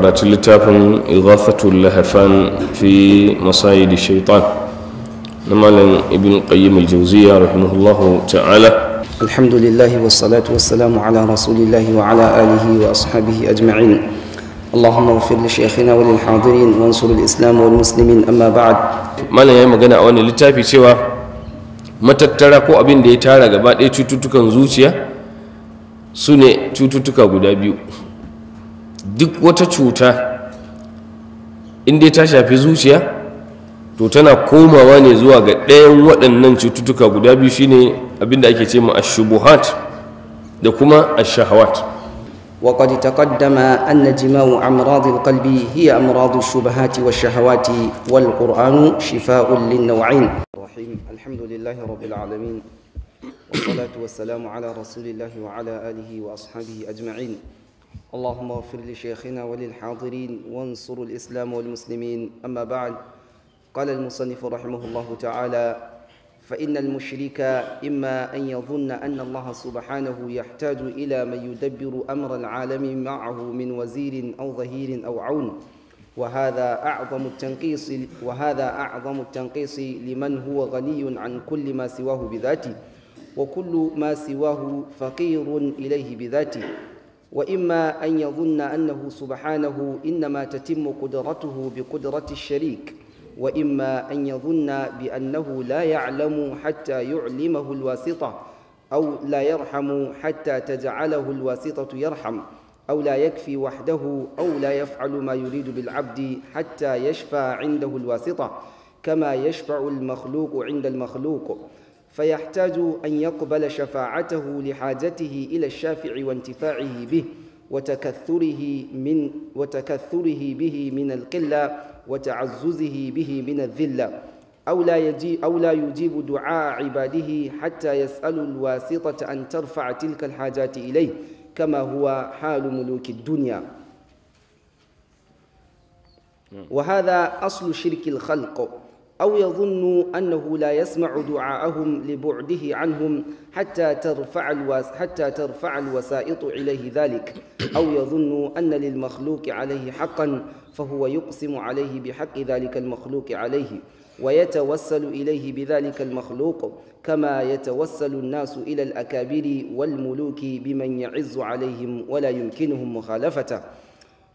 karatun littafin ighafatul lahafan fi masayidi shaitan na malam ibn qayyim al-jawziya rahimahullahu ta'ala alhamdulillahi wa salamu ala rasulillahi wa ala alihi wa ashabihi ajma'in اللهم اغفر لشيخنا islamu wani musulmin amma اما بعد malam yi magana a wannan littafi cewa matattara ko abin da ya tara gaba ɗaya cututtukan zuciya su ne cututtuka guda biyu duk wata cuta inda ta shafi zuciya to tana komawa ne zuwa ga ɗayan waɗannan cututtuka guda biyu shine abinda ake ce ma ashubuhat da kuma ashahawat وقد تقدم أن جماع أمراض القلب هي أمراض الشبهات والشهوات والقرآن شفاء للنوعين الرحيم الحمد لله رب العالمين والصلاة والسلام على رسول الله وعلى آله وأصحابه أجمعين اللهم اغفر لشيخنا وللحاضرين وانصر الإسلام والمسلمين أما بعد قال المصنف رحمه الله تعالى فإن المشرك إما أن يظن أن الله سبحانه يحتاج إلى من يدبر أمر العالم معه من وزير أو ظهير أو عون وهذا أعظم التنقيص وهذا أعظم التنقيص لمن هو غني عن كل ما سواه بذاته وكل ما سواه فقير إليه بذاته وإما أن يظن أنه سبحانه إنما تتم قدرته بقدرة الشريك وإما أن يظن بأنه لا يعلم حتى يعلمه الواسطة أو لا يرحم حتى تجعله الواسطة يرحم أو لا يكفي وحده أو لا يفعل ما يريد بالعبد حتى يشفى عنده الواسطة كما يشفع المخلوق عند المخلوق فيحتاج أن يقبل شفاعته لحاجته إلى الشافع وانتفاعه به وتكثره من وتكثره به من القلة وتعززه به من الذلة أو لا, يجي أو لا يجيب دعاء عباده حتى يسأل الواسطة أن ترفع تلك الحاجات إليه كما هو حال ملوك الدنيا نعم. وهذا أصل شرك الخلق أو يظن أنه لا يسمع دعاءهم لبعده عنهم حتى ترفع الوس حتى ترفع الوسائط إليه ذلك أو يظن أن للمخلوق عليه حقا فهو يقسم عليه بحق ذلك المخلوق عليه ويتوسل إليه بذلك المخلوق كما يتوسل الناس إلى الأكابر والملوك بمن يعز عليهم ولا يمكنهم مخالفته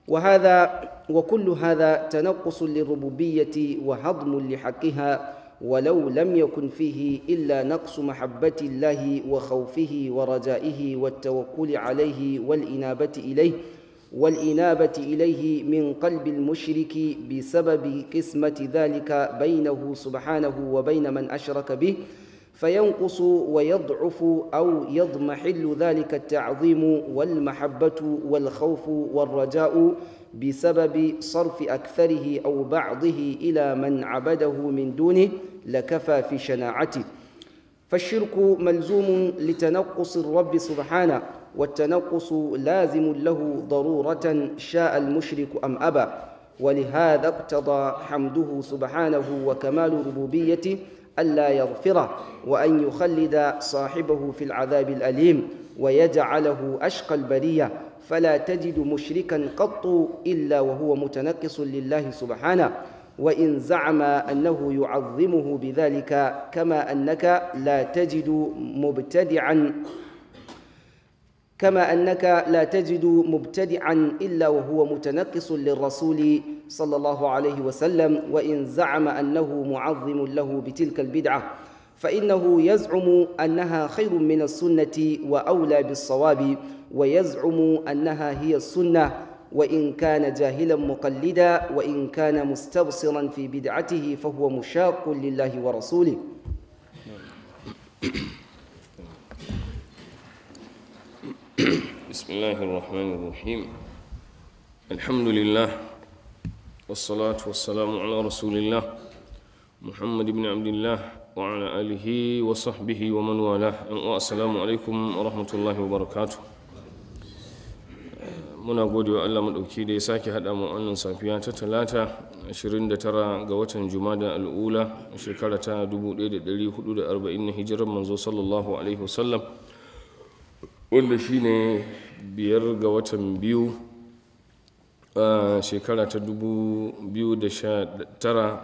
وهذا وكل هذا تنقص للربوبية وهضم لحقها ولو لم يكن فيه إلا نقص محبة الله وخوفه ورجائه والتوكل عليه والإنابة إليه والإنابة إليه من قلب المشرك بسبب قسمة ذلك بينه سبحانه وبين من أشرك به فينقص ويضعف أو يضمحل ذلك التعظيم والمحبة والخوف والرجاء بسبب صرف أكثره أو بعضه إلى من عبده من دونه لكفى في شناعته فالشرك ملزوم لتنقص الرب سبحانه والتنقص لازم له ضرورة شاء المشرك أم أبى ولهذا اقتضى حمده سبحانه وكمال ربوبيته ألا يغفره وأن يخلد صاحبه في العذاب الأليم ويجعله أشقى البرية فلا تجد مشركا قط إلا وهو متنقص لله سبحانه وإن زعم أنه يعظمه بذلك كما أنك لا تجد مبتدعا كما أنك لا تجد مبتدعا إلا وهو متنقص للرسول صلى الله عليه وسلم وإن زعم أنه معظم له بتلك البدعة فإنه يزعم أنها خير من السنة وأولى بالصواب ويزعم أنها هي السنة وإن كان جاهلا مقلدا وإن كان مستبصرا في بدعته فهو مشاق لله ورسوله بسم الله الرحمن الرحيم الحمد لله والصلاة والسلام على رسول الله محمد بن عبد الله وعلى آله وصحبه ومن والاه والسلام عليكم ورحمة الله وبركاته muna gode wa Allah maɗauki da ya sake haɗa mu wannan safiya ta talata 29 ga watan jumada al'ula shekara ta 1440 na hijirar manzo sallallahu alaihi wasallam wanda shi ne biyar ga watan biyu a shekara ta dubu biyu da sha tara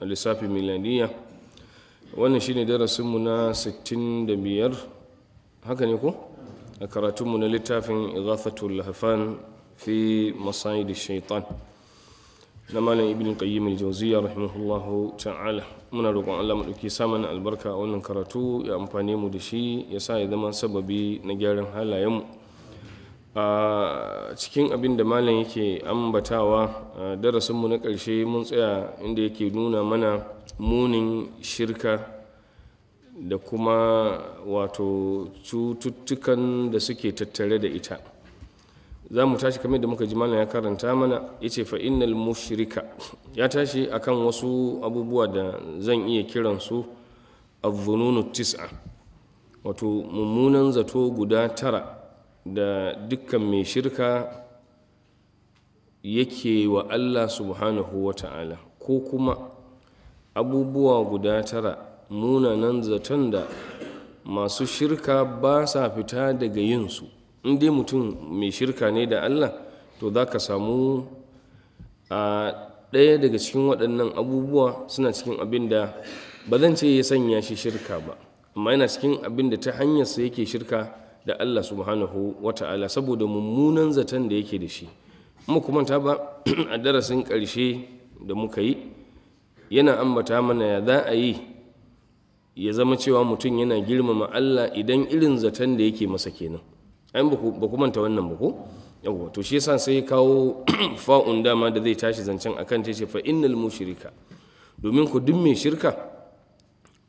a lissafi miliyaniya wannan shi shine darasinmu na 65 haka ne ko a karatunmu na littafin izafatul hafan fi masayi da shaitan na malam ibn qayyim al-jawziya rahimahullahu ta'ala muna roƙon Allah mu dauki samun albarka a wannan karatu ya amfane mu da shi ya sa ya zama sababi na gyaran halayen mu a cikin abin da malam yake ambatawa darasin mu na ƙarshe mun tsaya inda yake nuna mana munin shirka da kuma wato cututtukan da suke tattare da ita za mu tashi kamar da muka ji mana ya karanta mana ya ce fa'inal mushrika ya tashi akan wasu abubuwa da zan iya kiransu a tis'a wato mummunan zato guda tara da dukkan mai shirka yake wa Allah subhanahu wa ta'ala ko kuma abubuwa guda tara munanan zaton da masu shirka ba sa fita daga yinsu in dai mutum mai shirka ne da allah to za ka samu a ɗaya daga cikin waɗannan abubuwa suna cikin abin da ba zan ce ya sanya shi shirka ba amma yana cikin abin da ta hanyarsa yake shirka da allah subhanahu wata'ala saboda mummunan zaton da yake da shi kuma ta ba a darasin ƙarshe da muka yi yana ambata mana ya za a yi ya zama cewa mutum yana girmama allah idan irin zaton da yake masa kenan an ba ku manta wannan ba ko yawwa to shi yasa sai kawo fa'un dama da zai tashi zancen akan ta ce fa innal mushrika domin ku duk mai shirka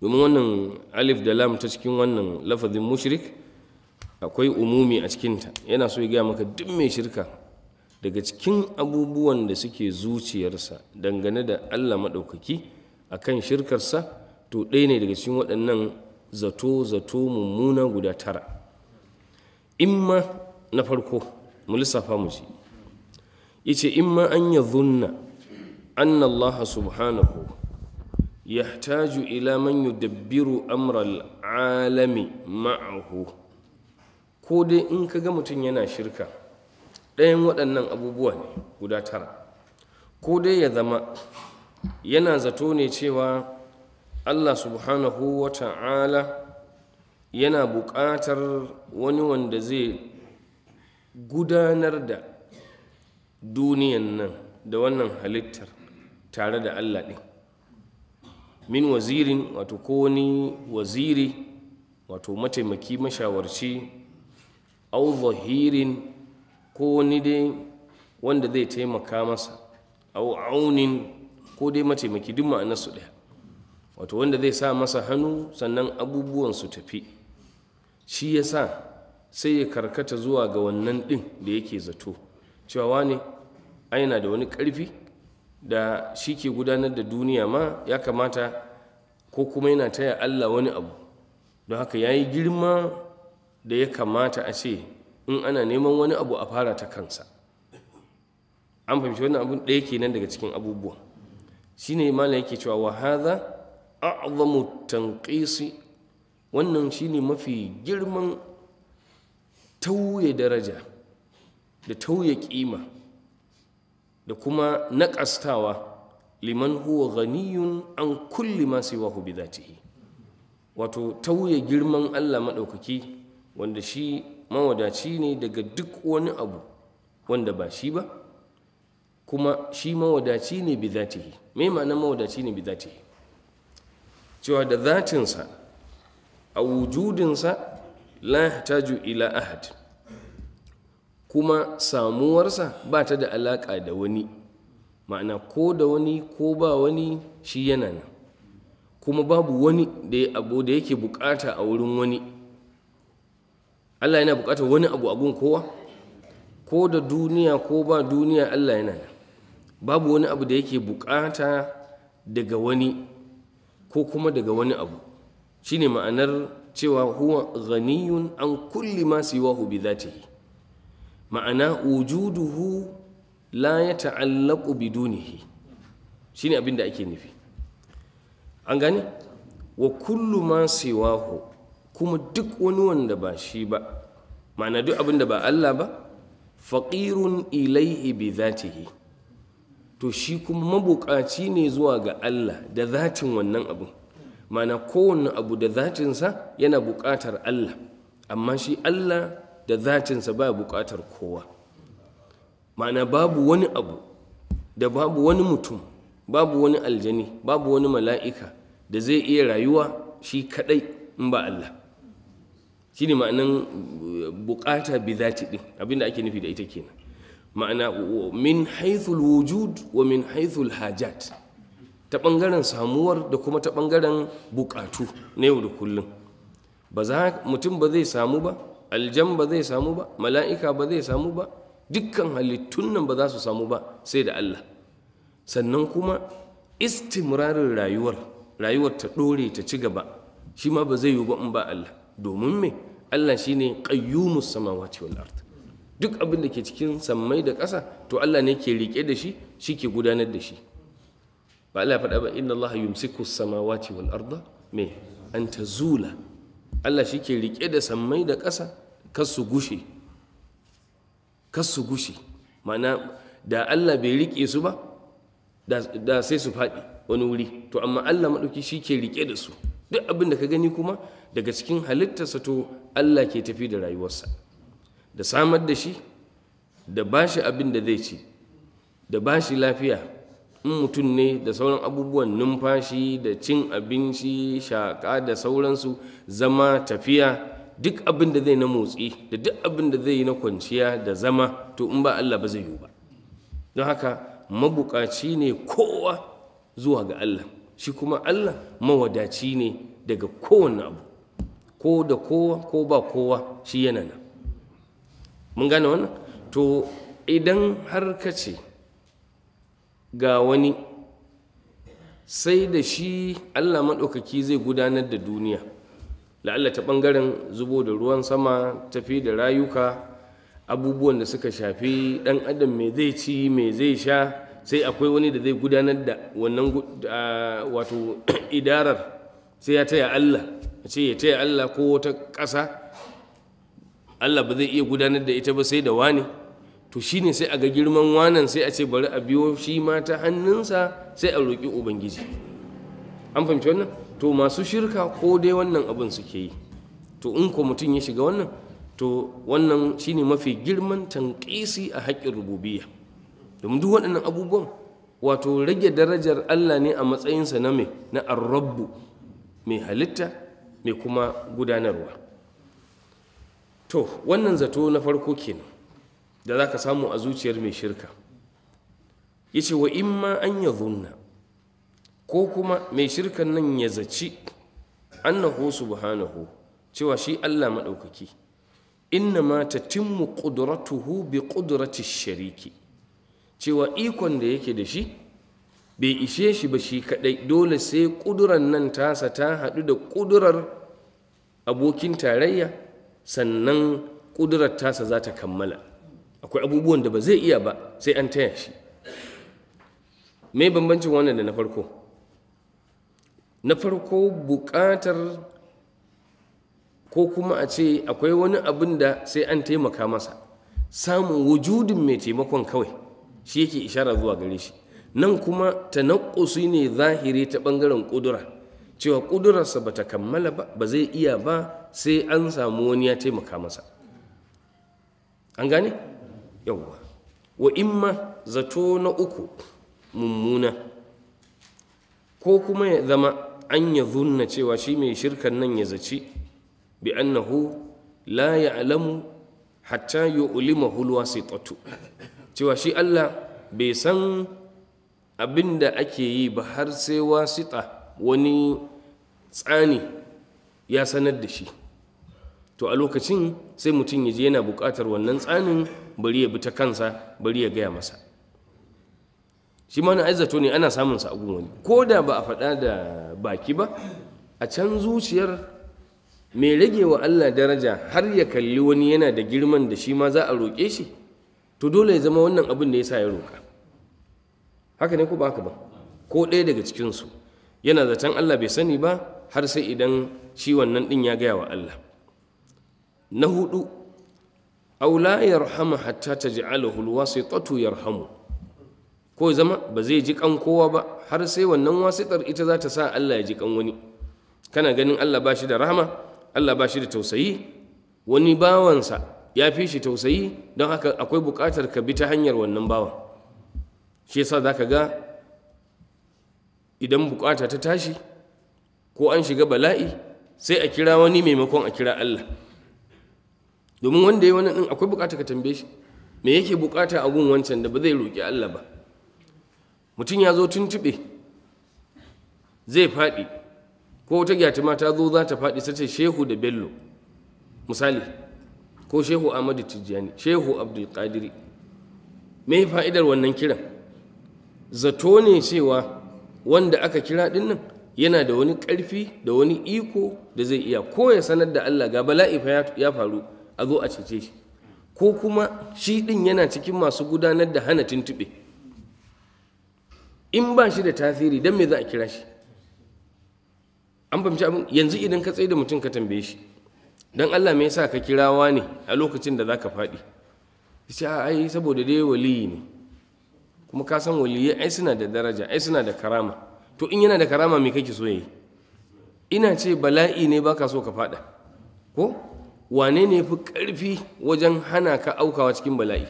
domin wannan alif da lam ta cikin wannan lafazin mushrik akwai umumi a cikinta yana so ya gaya maka duk mai shirka daga cikin abubuwan da suke zuciyarsa dangane da allah maɗaukaki a kan shirkarsa to ɗaya ne daga cikin waɗannan zato zato mummuna guda tara imma na farko mu lissafa mu ji yace imma an ya zunna anna Allah subhanahu yahtaju ila man yudabbiru amral alami ma'ahu ko dai in kaga ga mutum yana shirka ɗayan waɗannan abubuwa ne guda tara ko dai ya zama yana zato ne cewa Allah subhanahu wa ta'ala yana buƙatar wani wanda zai gudanar da duniyan nan da wannan halittar tare da Allah ɗin min wazirin wato ko wani waziri wato mataimaki mashawarci au zahirin ko wani dai wanda zai taimaka masa au aunin ko dai mataimaki duk ma'anarsu ɗaya wato wanda zai sa masa hannu sannan abubuwan su tafi shi ya sa sai ya karkata zuwa ga wannan ɗin da yake zato cewa wani aina da wani ƙarfi da shi ke gudanar da duniya ma ya kamata ko kuma yana taya Allah wani abu don haka ya yi girma da ya kamata a ce in ana neman wani abu a fara ta kansa an fahimci wannan abun ɗaya kenan daga cikin abubuwa shine malam yake cewa wa haza a'zamu tanqisi wannan shine mafi girman tauye daraja da tauye kima da kuma naƙastawa liman huwa ganiyun an kulli ma wahu bi wato tauye girman Allah maɗaukaki wanda shi mawadaci ne daga duk wani abu wanda ba shi ba kuma shi mawadaci ne bi zatihi mai ma'ana mawadaci ne bi zatihi cewa da zatinsa a wujudinsa la yahtaju ila ahad kuma samuwarsa ba ta da alaƙa da wani ma'ana ko da wani ko ba wani shi yana nan kuma babu wani da abu da yake bukata a wurin wani Allah yana bukata wani abu a gun kowa ko da duniya ko ba duniya Allah yana nan babu wani abu da yake bukata daga wani ko kuma daga wani abu Shi ne ma'anar cewa huwa ganiyun an kulli ma wahu bi dhatihi ma'ana hu la ya ta'allaqu Shi ne abin da ake nufi an gane wa kullu ma siwahu kuma duk wani wanda ba shi ba ma'ana duk abin ba Allah ba faƙirun ilaihi bi dhatihi to shi kuma mabuƙaci ne zuwa ga Allah da zatin wannan abin mana kowane abu da zacinsa yana buƙatar Allah amma shi Allah da zacinsa ba buƙatar kowa mana babu wani abu da babu wani mutum babu wani aljani babu wani mala'ika da zai iya rayuwa shi kaɗai in ba Allah shi ne ma'anan buƙata bi zaci ɗin abinda ake nufi da ita kenan ma'ana min haithul wujud wa min haithul hajat ta ɓangaren samuwar da kuma ta ɓangaren buƙatu na yau da kullum mutum ba zai samu ba aljan ba zai samu ba mala'ika ba zai samu ba dukkan halittun nan ba za su samu ba sai da Allah sannan kuma istimrarin rayuwar rayuwar ta ɗore ta ci gaba shi ma ba zai yiwu ba in ba Allah domin me Allah shi shine ƙayyumus samawati wal ard duk abin da ke cikin sammai da ƙasa to Allah ne ke rike da shi shi ke gudanar da shi ba Allah faɗa ba inna Allah yumsiku samawati wal arda me an tazula Allah shike rike da sammai da ƙasa kas su gushe kas gushe ma'ana da Allah bai rike su ba da sai su faɗi wani wuri to amma Allah maɗauki shi ke rike da su duk abin da ka gani kuma daga cikin halittarsa to Allah ke tafi da rayuwarsa da samar da shi da bashi abin da zai ci da bashi lafiya in mutum ne da sauran abubuwan numfashi da cin abinci shaƙa da sauransu zama tafiya duk abin da zai na motsi da duk abin da zai na kwanciya da zama to in ba Allah ba zai yi ba don haka mabukaci ne kowa zuwa ga Allah shi kuma Allah mawadaci ne daga kowane abu ko da kowa ko ba kowa shi yana nan mun gane wannan to idan har ka ce ga wani sai da shi allah maɗaukaki zai gudanar da duniya la'alla ta ɓangaren zubo da ruwan sama tafi da rayuka abubuwan da suka shafi ɗan adam mai zai ci mai zai sha sai akwai wani da zai gudanar da wannan wato idarar sai ya taya allah a ce ya taya allah ko wata ƙasa allah ba zai iya gudanar da ita ba sai da wani to shine sai a ga girman wanan sai a ce bari a biyo shi ma ta hannunsa sai a roƙi ubangiji an fahimci wannan to masu shirka ko dai wannan abin suke yi to in ko mutum ya shiga wannan to wannan shine mafi girman tanƙisi a haƙƙin Rububiya. domin duk waɗannan abubuwan wato rage darajar Allah ne a matsayinsa na mai na arrabu mai halitta mai kuma gudanarwa to wannan zato na farko kenan da za ka samu a zuciyar mai shirka ya ce wa in ma an ya zunna ko kuma mai shirkan nan ya zaci annahu subhanahu cewa shi allah maɗaukaki inna ma ta timmu ƙudurattuhu bi ƙudurati shariki cewa ikon da yake da shi bai ishe shi ba shi kaɗai dole sai ƙudurar nan tasa ta haɗu da ƙudurar abokin tarayya sannan ƙudurar tasa za ta kammala akwai abubuwan da ba zai iya ba sai an taya shi me bambancin wannan da na farko na farko bukatar ko kuma a ce akwai wani abin da sai an taimaka masa samun wujudin mai taimakon kawai shi yake ishara zuwa gare shi nan kuma tanakkusi ne zahiri ta bangaren kudura cewa kudurarsa ba ta kammala ba ba zai iya ba sai an samu wani ya taimaka masa an gane yawwa wa imma zato na uku mummuna ko kuma ya zama an ya zunna cewa shi mai shirkan nan ya zaci bi annahu la alamu hatta sai alwasitatu cewa shi Allah bai san abin da ake yi ba har sai wasita wani tsani ya sanar da shi to a lokacin sai mutum ya je yana bukatar wannan tsanin bari ya bi ta kansa bari ya gaya masa shi ma na aizato ne ana samun sa a wani ko da ba a faɗa da baki ba a can zuciyar mai rage wa Allah daraja har ya kalli wani yana da girman da shi ma za a roƙe shi to dole ya zama wannan abin da ya sa ya roƙa haka ne ko ba haka ba ko ɗaya daga cikinsu yana zaton Allah bai sani ba har sai idan shi wannan ɗin ya gaya wa Allah na hudu aula ya rahama hatta ta taj'alahu ya yarhamu ko zama ba zai ji kan kowa ba har sai wannan wasiƙar ita za ta sa Allah ya ji kan wani kana ganin Allah ba shi da rahama Allah ba shi da tausayi wani bawansa ya fi shi tausayi don haka akwai buƙatar ka bi ta hanyar wannan bawan shi yasa za ka ga idan buƙata ta tashi ko an shiga bala'i sai a kira wani maimakon a kira Allah domin wanda ya wani ɗin akwai bukata ka tambaye shi me yake bukata a gun wancan da ba zai roƙi Allah ba mutum ya zo tuntuɓe zai faɗi ko wata gyata ta zo za ta faɗi sace shehu da bello misali ko shehu ahmadu tijjani shehu abdulkadiri me fa'idar wannan kiran zato ne cewa wanda aka kira ɗin yana da wani ƙarfi da wani iko da zai iya ko ya sanar da allah ga bala'i ya faru a zo a cece shi ko kuma shi ɗin yana cikin masu gudanar da hana tuntuɓe in ba shi da tasiri don me za a kira shi an fahimci abin yanzu idan ka tsaye da mutum ka tambaye shi don allah me yasa ka kirawa ne a lokacin da za ka faɗi shi a ai saboda dai waliyi ne kuma ka san waliyi ai suna da daraja ai suna da karama to in yana da karama me kake so yayi ina ce bala'i ne baka so ka faɗa ko wane ne fi ƙarfi wajen hana ka aukawa cikin bala'i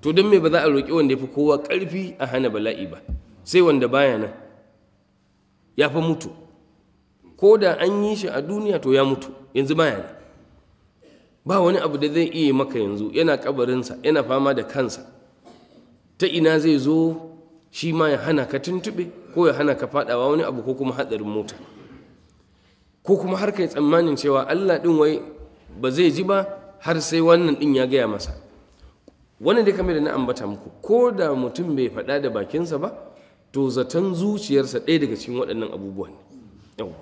to don me ba za a roƙi wanda ya fi kowa ƙarfi a hana bala'i ba sai wanda baya nan ya fa mutu ko da an yi shi a duniya to ya mutu yanzu baya nan ba wani abu da zai iya maka yanzu yana kabarinsa yana fama da kansa ta ina zai zo shi ma ya hana ka tuntuɓe ko ya hana ka faɗawa wani abu ko kuma hatsarin mota ko kuma har kai tsammanin cewa allah din wai ba zai ji ba har sai wannan ɗin ya gaya masa wannan dai kamar da na ambata muku ko da mutum bai faɗa da bakinsa ba to zaton zuciyarsa ɗaya daga cikin waɗannan abubuwan yawwa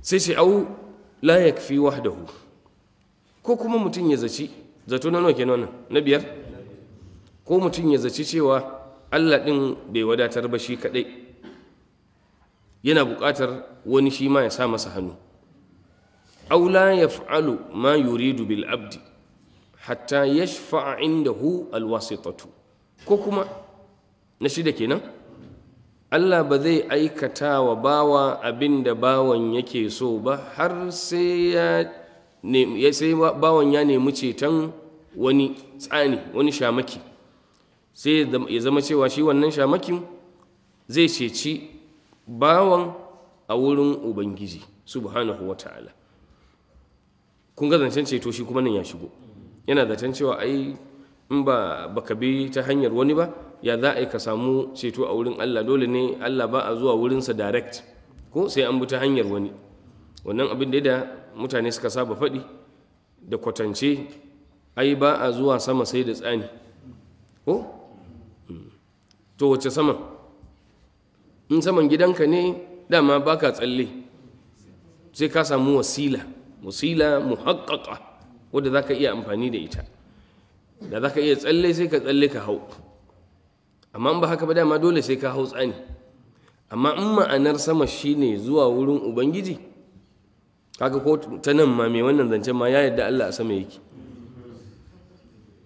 sai sai au la yakfi wahdahu ko kuma mutum ya zaci zato na nawa kenan wannan na biyar ko mutum ya zaci cewa Allah ɗin bai wadatar ba shi kaɗai yana buƙatar wani shi ma ya sa masa hannu aula yaf'alu ma yuridu bil abdi hatta yashfa'a indahu al wasitatu ko kuma na shida kenan Allah ba zai aikata wa bawa abin da bawan yake so ba har sai ya bawan ya nemi ceton wani tsani wani shamaki sai ya zama cewa shi wannan shamakin zai ceci bawan a wurin ubangiji subhanahu wa ta'ala kun ga zancen ceto shi kuma nan ya shigo yana zaton cewa ai in ba baka bi ta hanyar wani ba ya za a yi ka samu ceto a wurin Allah dole ne Allah ba a zuwa wurinsa direct ko sai an bi ta hanyar wani wannan abin da mutane suka saba faɗi da kwatance ai ba a zuwa sama sai da tsani ko hmm. to wace saman in saman gidanka ne dama baka tsalle sai ka samu wasila musila muhaqqaqa wadda ka iya amfani da ita da za ka iya tsalle sai ka tsalle ka hau amma in ba haka ba dama dole sai ka hau tsani amma in ma'anar sama shi ne zuwa wurin ubangiji kaga ko ta nan ma mai wannan zancen ma ya yarda Allah a sama yake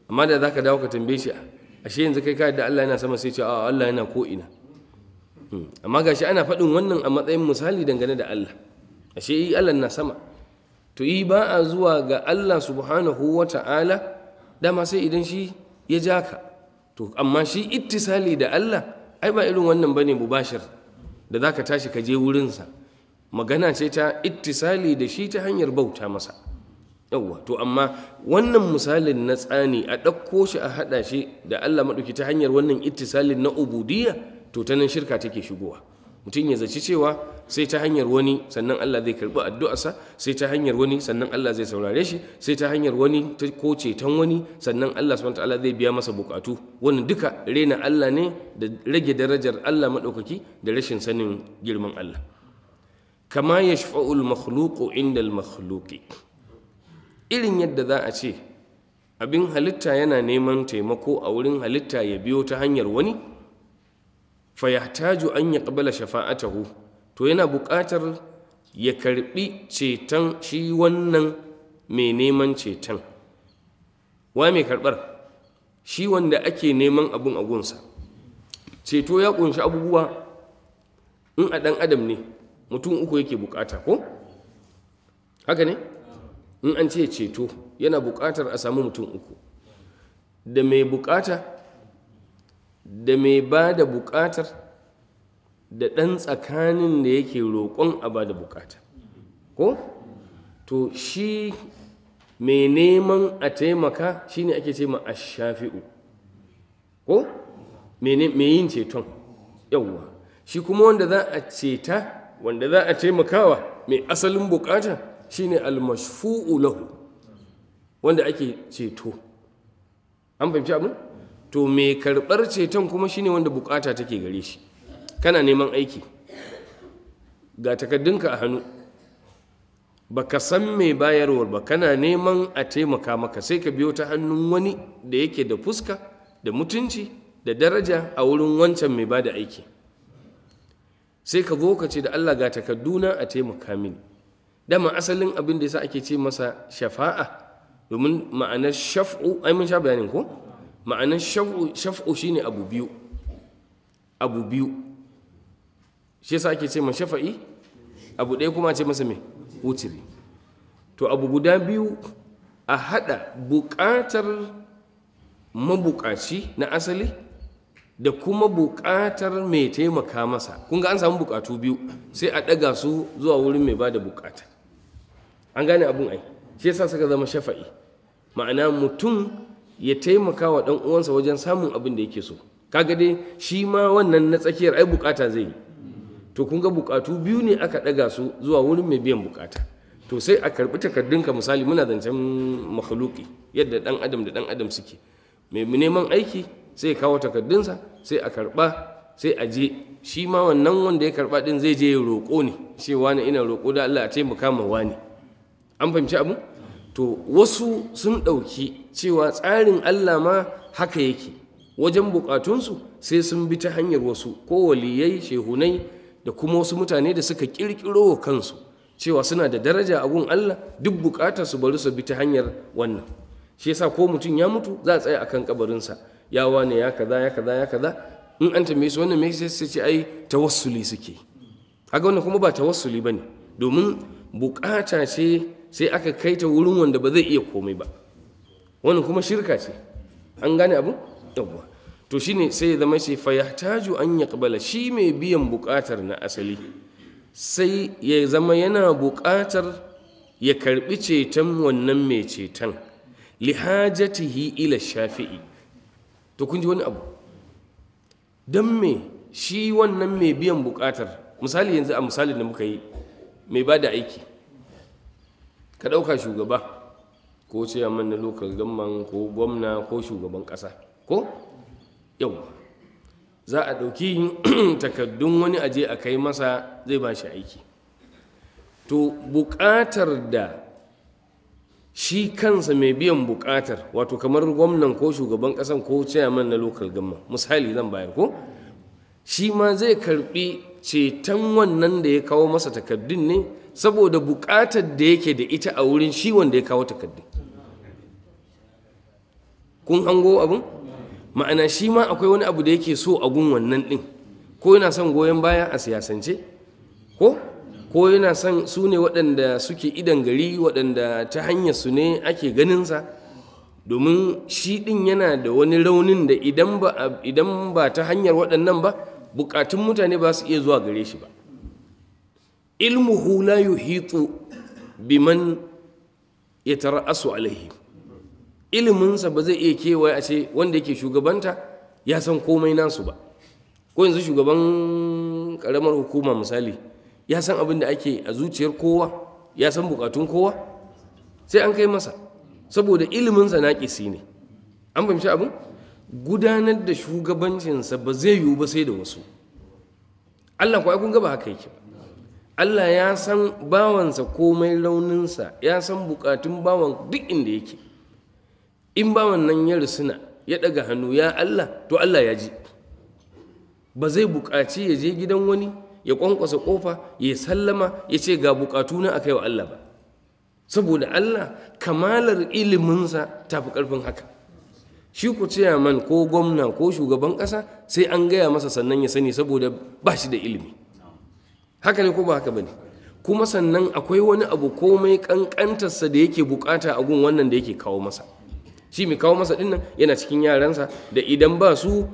amma da za ka dawo ka tambaye shi ashe yanzu kai ka yadda Allah yana sama sai ce a Allah yana ko'ina." amma amma gashi ana faɗin wannan a matsayin misali dangane da Allah ashe Allah na sama to yi ba a zuwa ga Allah subhanahu wa ta'ala dama sai idan shi ya ja ka to amma shi ittisali da Allah ai ba irin wannan bane mubashir da za ka tashi ka je wurinsa magana ce ta ittisali da shi ta hanyar bauta masa yawwa to amma wannan misalin na tsani a ɗauko shi a haɗa shi da Allah maɗauki ta hanyar wannan ittisalin na ubudiyya to ta nan shirka take shigowa mutum ya zaci cewa sai ta hanyar wani sannan Allah zai karbi addu'arsa sai ta hanyar wani sannan Allah zai saurare shi sai ta hanyar wani ko ceton wani sannan Allah subhanahu wataala zai biya masa bukatu wannan duka rena Allah ne da rage darajar Allah madaukaki da rashin sanin girman Allah kama yashfa'ul makhluqu inda makhluqi irin yadda za a ce abin halitta yana neman taimako a wurin halitta ya biyo ta hanyar wani fayahtaju an yaqbala shafa'atahu to yana buƙatar ya karɓi ceton shi wannan mai neman ceton wa mai karɓar shi wanda ake neman abun agunsa ceto ya ƙunshi abubuwa in a ɗan adam ne mutum uku yake buƙata ko haka ne in an ce ceto yana buƙatar a samu mutum uku da mai buƙata da mai ba da buƙatar da ɗan tsakanin da yake roƙon a ba da bukata ko to shi mai neman a taimaka shine ake ce ma a shafi'u ko mai yin ceton yawwa shi kuma wanda za a ceta wanda za a taimakawa mai asalin bukata shine almashfu'u lahu wanda ake ceto an fahimci abin to mai karɓar ceton kuma shine wanda bukata take gare shi kana neman aiki ga takaddunka a hannu ba ka san mai bayarwar ba kana neman a taimaka maka sai ka biyo ta hannun wani da yake da fuska da mutunci da daraja a wurin wancan mai bada aiki sai ka zo ka ce da allah ga takadduna a taimaka mini dama asalin abin da yasa ake ce masa shafa'a domin ma'anar shaf'u ai mun sha bayanin ko ma'anar shaf'u shaf'u shine abu biyu abu biyu shi yasa ake ce ma shafa'i abu ɗaya kuma ce masa mai wutiri to abu guda biyu a haɗa buƙatar mabuƙaci na asali da kuma buƙatar mai taimaka masa kunga an samu buƙatu biyu sai a ɗaga su zuwa wurin mai ba da buƙata an gane abun ai shi yasa suka zama shafa'i ma'ana mutum ya taimaka wa ɗan uwansa wajen samun abin da yake so kaga dai shi ma wannan na tsakiyar ai buƙata zai yi to kun ga bukatu biyu ne aka ɗaga su zuwa wurin mai biyan bukata to sai a karɓi takardunka misali muna zancen makhluki yadda dan adam da dan adam suke mai neman aiki sai kawo takardunsa sai a karba sai a je shi ma wannan wanda ya karba ɗin zai je ya roƙo ne cewa na ina roƙo da Allah a mu kama wani an fahimci abu to wasu sun ɗauki cewa tsarin Allah ma haka yake wajen buƙatunsu sai sun bi ta hanyar wasu ko waliyai shehunai da kuma wasu mutane da suka kirkiro wa kansu cewa suna da daraja a gun Allah duk bukatar su bari su bi ta hanyar wannan shi yasa ko mutum ya mutu za a tsaya akan kabarinsa ya wane ya kaza ya kaza ya kaza in an tambaye su wannan me sai ce ai tawassuli suke haka wannan kuma ba tawassuli bane domin bukata ce sai aka kai ta wurin wanda ba zai iya komai ba wannan kuma shirka ce an gane abu yawwa to shi ne sai ya zama shi fa yahtaju an yaqbala shi mai biyan buƙatar na asali sai ya zama yana buƙatar ya karɓi ceton wannan mai ceton lihajatihi ila shafi'i to kun ji wani abu don me shi wannan mai biyan buƙatar misali yanzu a misalin da muka yi mai ba da aiki ka ɗauka shugaba ko ciyaman na lokal gamman ko gwamna ko shugaban ƙasa ko yau za a ɗauki takaddun wani aje a kai masa zai ba shi aiki to buƙatar da shi kansa mai biyan buƙatar wato kamar gwamnan ko shugaban ƙasan ko chairman na local government misali zan bayar ko shi ma zai karɓi ceton wannan da ya kawo masa takardun ne saboda buƙatar da yake da ita a wurin shi wanda ya kawo takardun kun hango abin ma'ana shi ma akwai wani abu da yake so a gun wannan ɗin ko yana son goyon baya a siyasance ko ko yana son su ne waɗanda suke idan gari waɗanda ta hanyar su ne ake ganin sa domin shi ɗin yana da wani raunin da idan ba ta hanyar waɗannan ba bukatun mutane ba su iya zuwa gare shi ba ilmuhu la yuhitu biman ya tara'asu alaihim iliminsa ba zai iya kewaye a ce wanda yake shugabanta ya san komai nasu ba ko yanzu shugaban karamar hukuma misali ya san abin da ake a zuciyar kowa ya san bukatun kowa sai an kai masa saboda iliminsa naƙisi ne an fahimci abin gudanar da shugabancinsa ba zai yiwu ba sai da wasu allah kuwa kun gaba haka yake allah ya san bawansa komai rauninsa ya san bukatun bawan duk inda yake in ba wannan ya risuna ya daga hannu ya Allah to Allah ya ji ba zai buƙaci ya je gidan wani ya ƙwanƙwasa kofa ya sallama ya ce ga buƙatu na yi wa Allah ba saboda Allah kamalar iliminsa ta fi ƙarfin haka shi ku man ko gwamna ko shugaban ƙasa sai an gaya masa sannan ya sani saboda ba shi da ilimi haka ne ko ba haka ba ne kuma sannan akwai wani abu komai ƙanƙantarsa da yake buƙata a gun wannan da yake kawo masa shi mai kawo masa dinnan yana cikin yaransa da idan ba su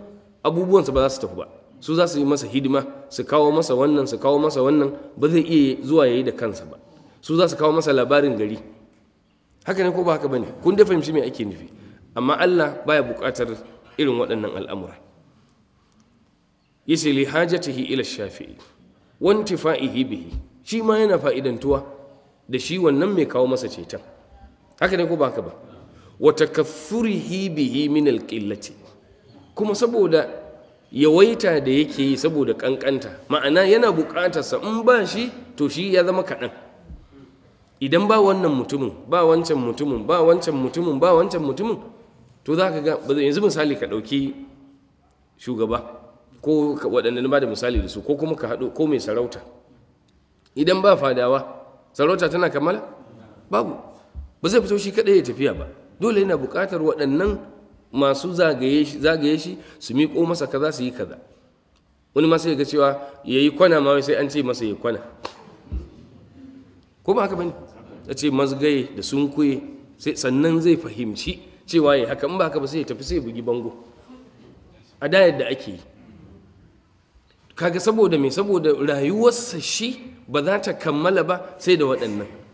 abubuwansa ba za su tafi ba su za su yi masa hidima su kawo masa wannan su kawo masa wannan ba zai iya zuwa ya yi da kansa ba su za su kawo masa labarin gari haka ne ko ba haka ba ne kun da fahimci me ake nufi amma allah baya buƙatar irin waɗannan al'amura yace li hajatihi ila shafi'i wantifa'ihi bihi shi ma yana fa'idantuwa da shi wannan mai kawo masa ceton haka ne ko ba haka ba wata takaffurihi bihi min alƙillaci kuma saboda yawaita da yake yi saboda ƙanƙanta, ma'ana yana bukatarsa in ba shi to shi ya zama kaɗan idan ba wannan mutumin ba wancan mutumin ba wancan mutumin ba wancan mutumin to za ka ga yanzu misali ka ɗauki shugaba ko waɗanda ba da misali da su ko kuma ka haɗo ko mai sarauta idan ba fadawa sarauta tana kammala babu ba zai fito shi kaɗai ya tafiya ba dole yana bukatar waɗannan masu zagaye shi su miƙo masa kaza su yi kaza wani masu yaga cewa ya yi kwana ma sai an ce masa ya kwana ko ba haka bane ta ce mazgaye da sunkuye sannan zai fahimci cewa ya haka ba haka ba sai ya tafi sai bugi bango a da yadda ake yi kaga saboda mai saboda rayuwarsa shi ba za ta kammala ba sai da waɗannan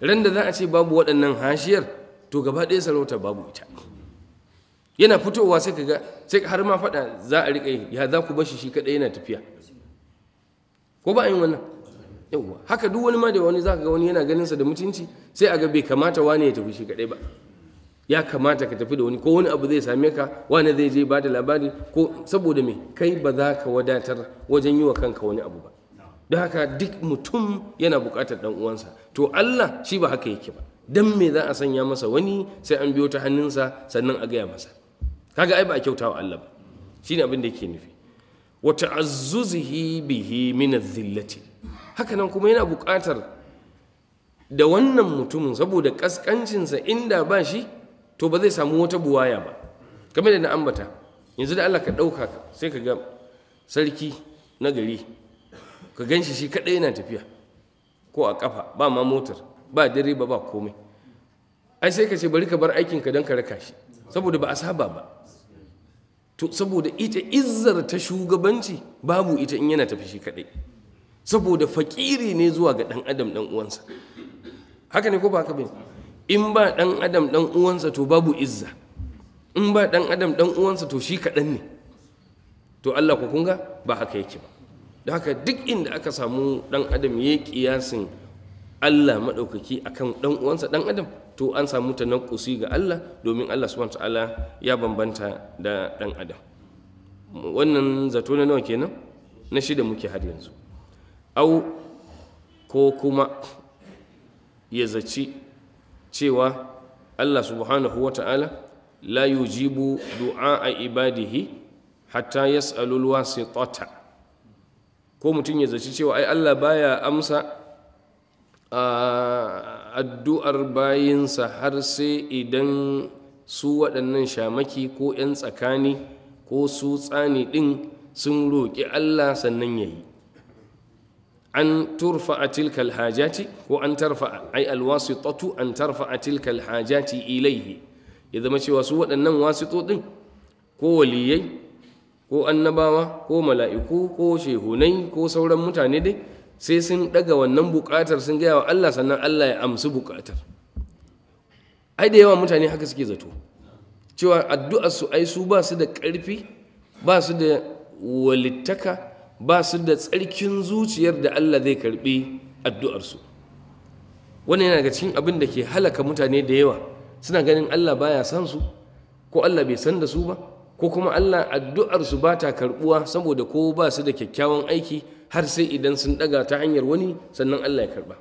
Randa za a ce babu waɗannan hashiyar to gaba ɗaya sarauta babu ita yana fitowa sai ka ga sai har ma faɗa za a riƙa yi ya za ku bashi shi kaɗai yana tafiya ko ba a yin wannan yawwa haka duk wani ma da wani za ka ga wani yana ganinsa da mutunci sai a ga bai kamata wani ya tafi shi kaɗai ba ya kamata ka tafi da wani ko wani abu zai same ka wani zai je ba da labari ko saboda me kai ba za ka wadatar wajen yi wa kanka wani abu ba don haka duk mutum yana buƙatar ɗan uwansa to allah shi ba haka yake ba dan me za a sanya masa wani sai an biyo ta hannunsa sannan a gaya masa kaga ai ba a kyauta wa Allah ba shine abin da yake nufi wa ta'azzuzuhi bihi min adh-dhillati haka nan kuma yana buƙatar da wannan mutumin saboda kaskancinsa inda ba shi to ba zai samu wata buwaya ba kamar da na ambata yanzu da Allah ka ɗauka sai ka ga sarki na gari ka ganshi shi shi kaɗai yana tafiya ko a ƙafa ba ma motar ba direba ba komai ai sai ka ce bari ka bar aikinka don ka raka shi saboda ba a saba ba to saboda ita izzar ta shugabanci babu ita in yana tafi shi kadai. saboda fakiri ne zuwa ga ɗan adam ɗan uwansa haka ne ko ba haka bane in ba ɗan adam ɗan uwansa to babu izza in ba ɗan adam ɗan uwansa to shi kaɗan ne to Allah ku kunga ba haka yake ba da haka duk inda aka samu ɗan adam ya yi kiyasin Allah maɗaukaki akan ɗan uwansa ɗan adam to an samu ta naƙusi ga Allah domin Allah subhanahu ta'ala ya bambanta da ɗan adam wannan zato na nawa kenan na shida muke har yanzu au ko kuma ya zaci cewa Allah subhanahu wa la yujibu du'a ibadihi hatta yas'alul wasitata ko mutum ya zaci cewa ai Allah baya amsa addu'ar bayinsa har sai idan su waɗannan shamaki ko 'yan tsakani ko su tsani ɗin sun roƙi Allah sannan ya yi an turfa a tilkal hajjati ko an tarfa ai alwasitatu an tarfa a tilkal hajjati ilaihi ya zama cewa su waɗannan wasitotin ko waliyai ko annabawa ko mala'iku ko shehunai ko sauran mutane dai sai sun daga wannan bukatar sun gaya wa Allah sannan Allah ya amsu bukatar ai da yawa mutane haka suke zato cewa addu'ar su ai su ba su da ƙarfi ba su da walittaka ba su da tsarkin zuciyar da Allah zai karbi addu'ar su wannan yana daga cikin abin da ke halaka mutane da yawa suna ganin Allah baya san su ko Allah bai san da su ba ko kuma Allah addu'ar su ba ta karbuwa saboda ko ba su da kyakkyawan aiki har sai idan sun daga ta hanyar wani sannan Allah ya karba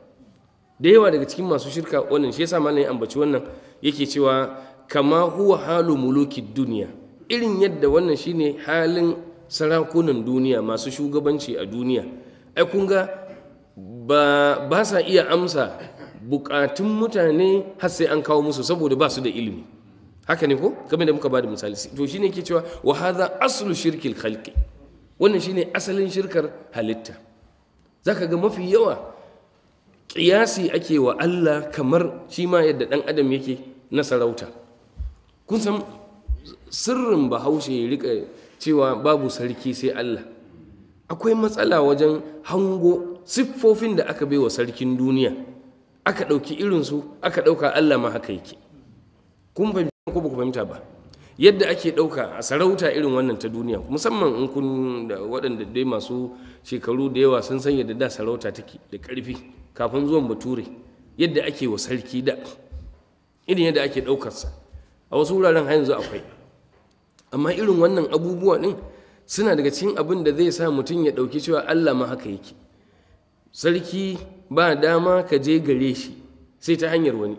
da yawa daga cikin masu shirka wannan shi yasa malamin ambaci wannan yake cewa kama huwa halu muluki duniya irin yadda wannan shine halin sarakunan duniya masu shugabanci a duniya ai kun ga ba sa iya amsa bukatun mutane har sai an kawo musu saboda ba su da ilimi haka ne ko kamar da muka ba da misali to shine ke cewa wa hadha aslu shirkil khalqi wannan shine asalin shirkar halitta zaka ga mafi yawa ƙiyasi ake wa Allah kamar shi ma yadda ɗan adam yake na sarauta kun san sirrin bahaushe ya rika cewa babu sarki sai Allah akwai matsala wajen hango siffofin da aka baiwa sarkin duniya aka ɗauki irinsu aka ɗauka Allah ma haka yake kun fahimta ko ba fahimta ba yadda ake ɗauka a sarauta irin wannan ta duniya musamman in kun waɗanda dai masu shekaru da yawa sun san yadda da sarauta take da ƙarfi kafin zuwan bature yadda ake wa sarki da irin yadda ake ɗaukarsa a wasu wuraren har yanzu akwai amma irin wannan abubuwa ɗin suna daga cikin abin da zai sa mutum ya ɗauki cewa allah ma haka yake sarki ba dama ka je gare shi sai ta hanyar wani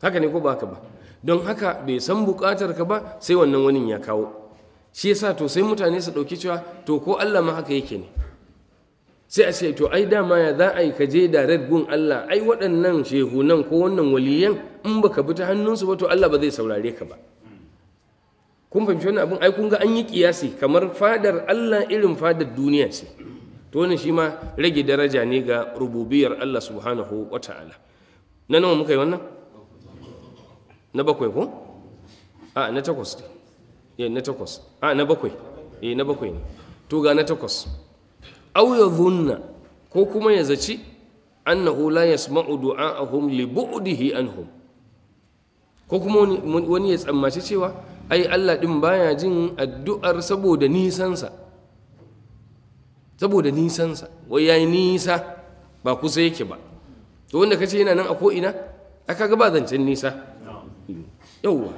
haka ne ko ba haka ba don haka bai san buƙatar ka ba sai wannan wani ya kawo shi yasa to sai mutane su ɗauki cewa to ko Allah ma haka yake ne sai a ce to ai dama ya za a yi ka je da red gun Allah ai waɗannan shehunan ko wannan waliyan in baka bi ta hannunsu ba to Allah ba zai saurare ka ba kun fahimci wannan abin ai kun ga an yi kiyasi kamar fadar Allah irin fadar duniya ce to wannan shi ma rage daraja ne ga rububiyar Allah subhanahu wata'ala na nawa muka yi wannan na bakwai ko a na takwas ne eh, na takwas a na bakwai ya eh, na bakwai ne to ga na takwas Auya zunna ko kuma ya zaci annahu la yasma'u du'a'ahum li bu'dihi anhum ko kuma wani ya tsammaci cewa ai Allah ɗin baya jin addu'ar saboda nisansa saboda nisansa wai yayi nisa ba kusa yake ba to wanda ce yana nan a ko ina aka ga ba zancen nisa yauwa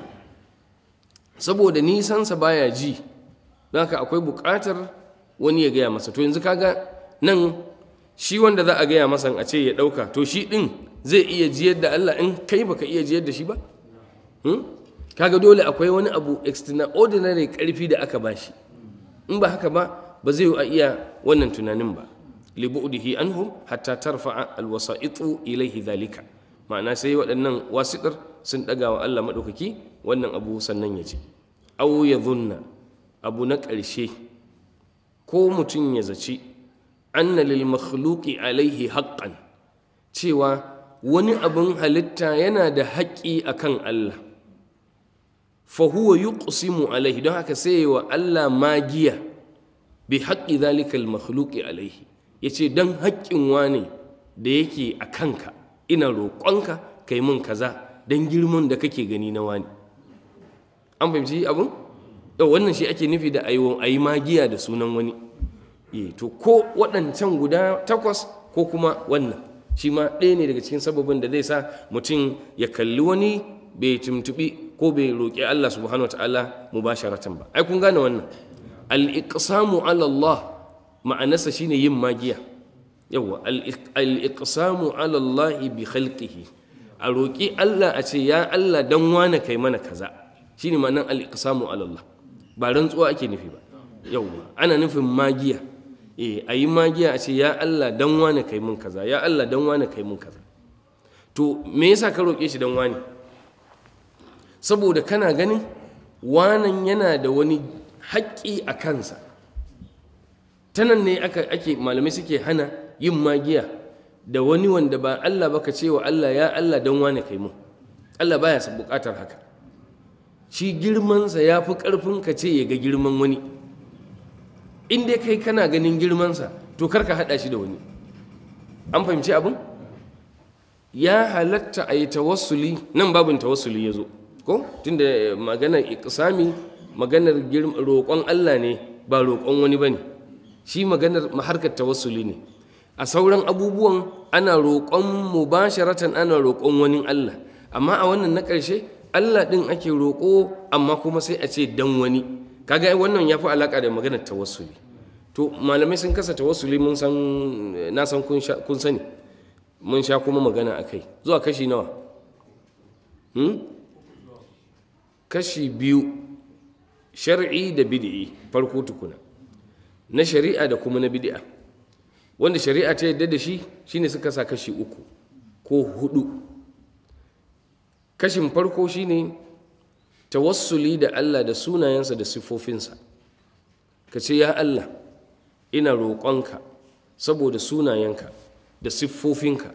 saboda nisansa baya ji don haka akwai buƙatar wani ya gaya masa to yanzu kaga nan shi wanda za a gaya masa a ce ya ɗauka to shi ɗin zai iya jiyar da Allah in kai baka iya jiyar da shi ba hmm? kaga dole akwai wani abu extraordinary karfi da aka bashi in ba haka ba ba zai a iya wannan tunanin ba libu'udihi anhum hatta tarfa'a alwasa'itu ilaihi zalika ma'ana sai waɗannan wasiƙar sun ɗaga wa Allah maɗaukaki wannan abu sannan ya ce au ya zunna abu na ƙarshe ko mutum ya zaci anna lil makhluqi alaihi haƙƙan. cewa wani abin halitta yana da haƙƙi akan Allah fa huwa yuqsimu alaihi don haka sai wa Allah magiya bi haƙƙi zalika al makhluqi alaihi yace dan haƙƙin wane da yake a kanka ina roƙonka kai mun kaza dan girman da kake gani na wani an fahimci abun yau wannan shi ake nufi da ayi magiya da sunan wani e to ko waɗancan guda takwas ko kuma wannan shi ma ɗaya ne daga cikin sababin da zai sa mutum ya kalli wani bai tuntuɓi ko bai roƙi Allah subhanahu ba sharatan ba ai kun gane wannan al-iqsamu ala Allah ma'anarsa shine yin magiya yawa al-iqsamu ala Allah bi khalqihi a roƙi Allah a ce ya Allah dan wane kai mana kaza shine ma'anar al-iqsamu ala Allah ba rantsuwa ake nufi ba ba. ana nufin magiya eh ayi magiya a ce ya Allah dan wane kai mun kaza ya Allah dan wane kai mun kaza to me yasa ka roƙe shi dan wane saboda kana ganin wanan yana da wani haƙƙi a kansa ta ne ake malamai suke hana yin magiya da wani wanda ba Allah ba ka ce wa Allah ya Allah don wane kai mu Allah baya sa bukatar haka shi girmansa ya fi ƙarfin ka ce ya ga girman wani in dai kai kana ganin girmansa to kar ka haɗa shi da wani an fahimci abin ya halatta a yi tawassuli nan babin tawassuli ya zo ko tunda maganar iqsami maganar roƙon Allah ne ba roƙon wani ba ne shi maganar harkar tawassuli ne a sauran abubuwan ana roƙon sharatan ana roƙon wani Allah amma a wannan na ƙarshe Allah ɗin ake roƙo amma kuma sai a ce dan wani kaga wannan ya fi alaƙa da maganar tawassuli to malamai sun kasa tawassuli mun na san kun sani mun sha kuma magana a kai zuwa kashi nawa hmm? kashi biyu shar'i da bid'i farko tukuna na shari'a da kuma na bid'a wanda shari'a ta yadda da shi shine suka sa kashi uku ko hudu kashin farko shine tawassuli da Allah da sunayensa da sifofinsa ka ce ya Allah ina roƙonka saboda sunayenka da siffofinka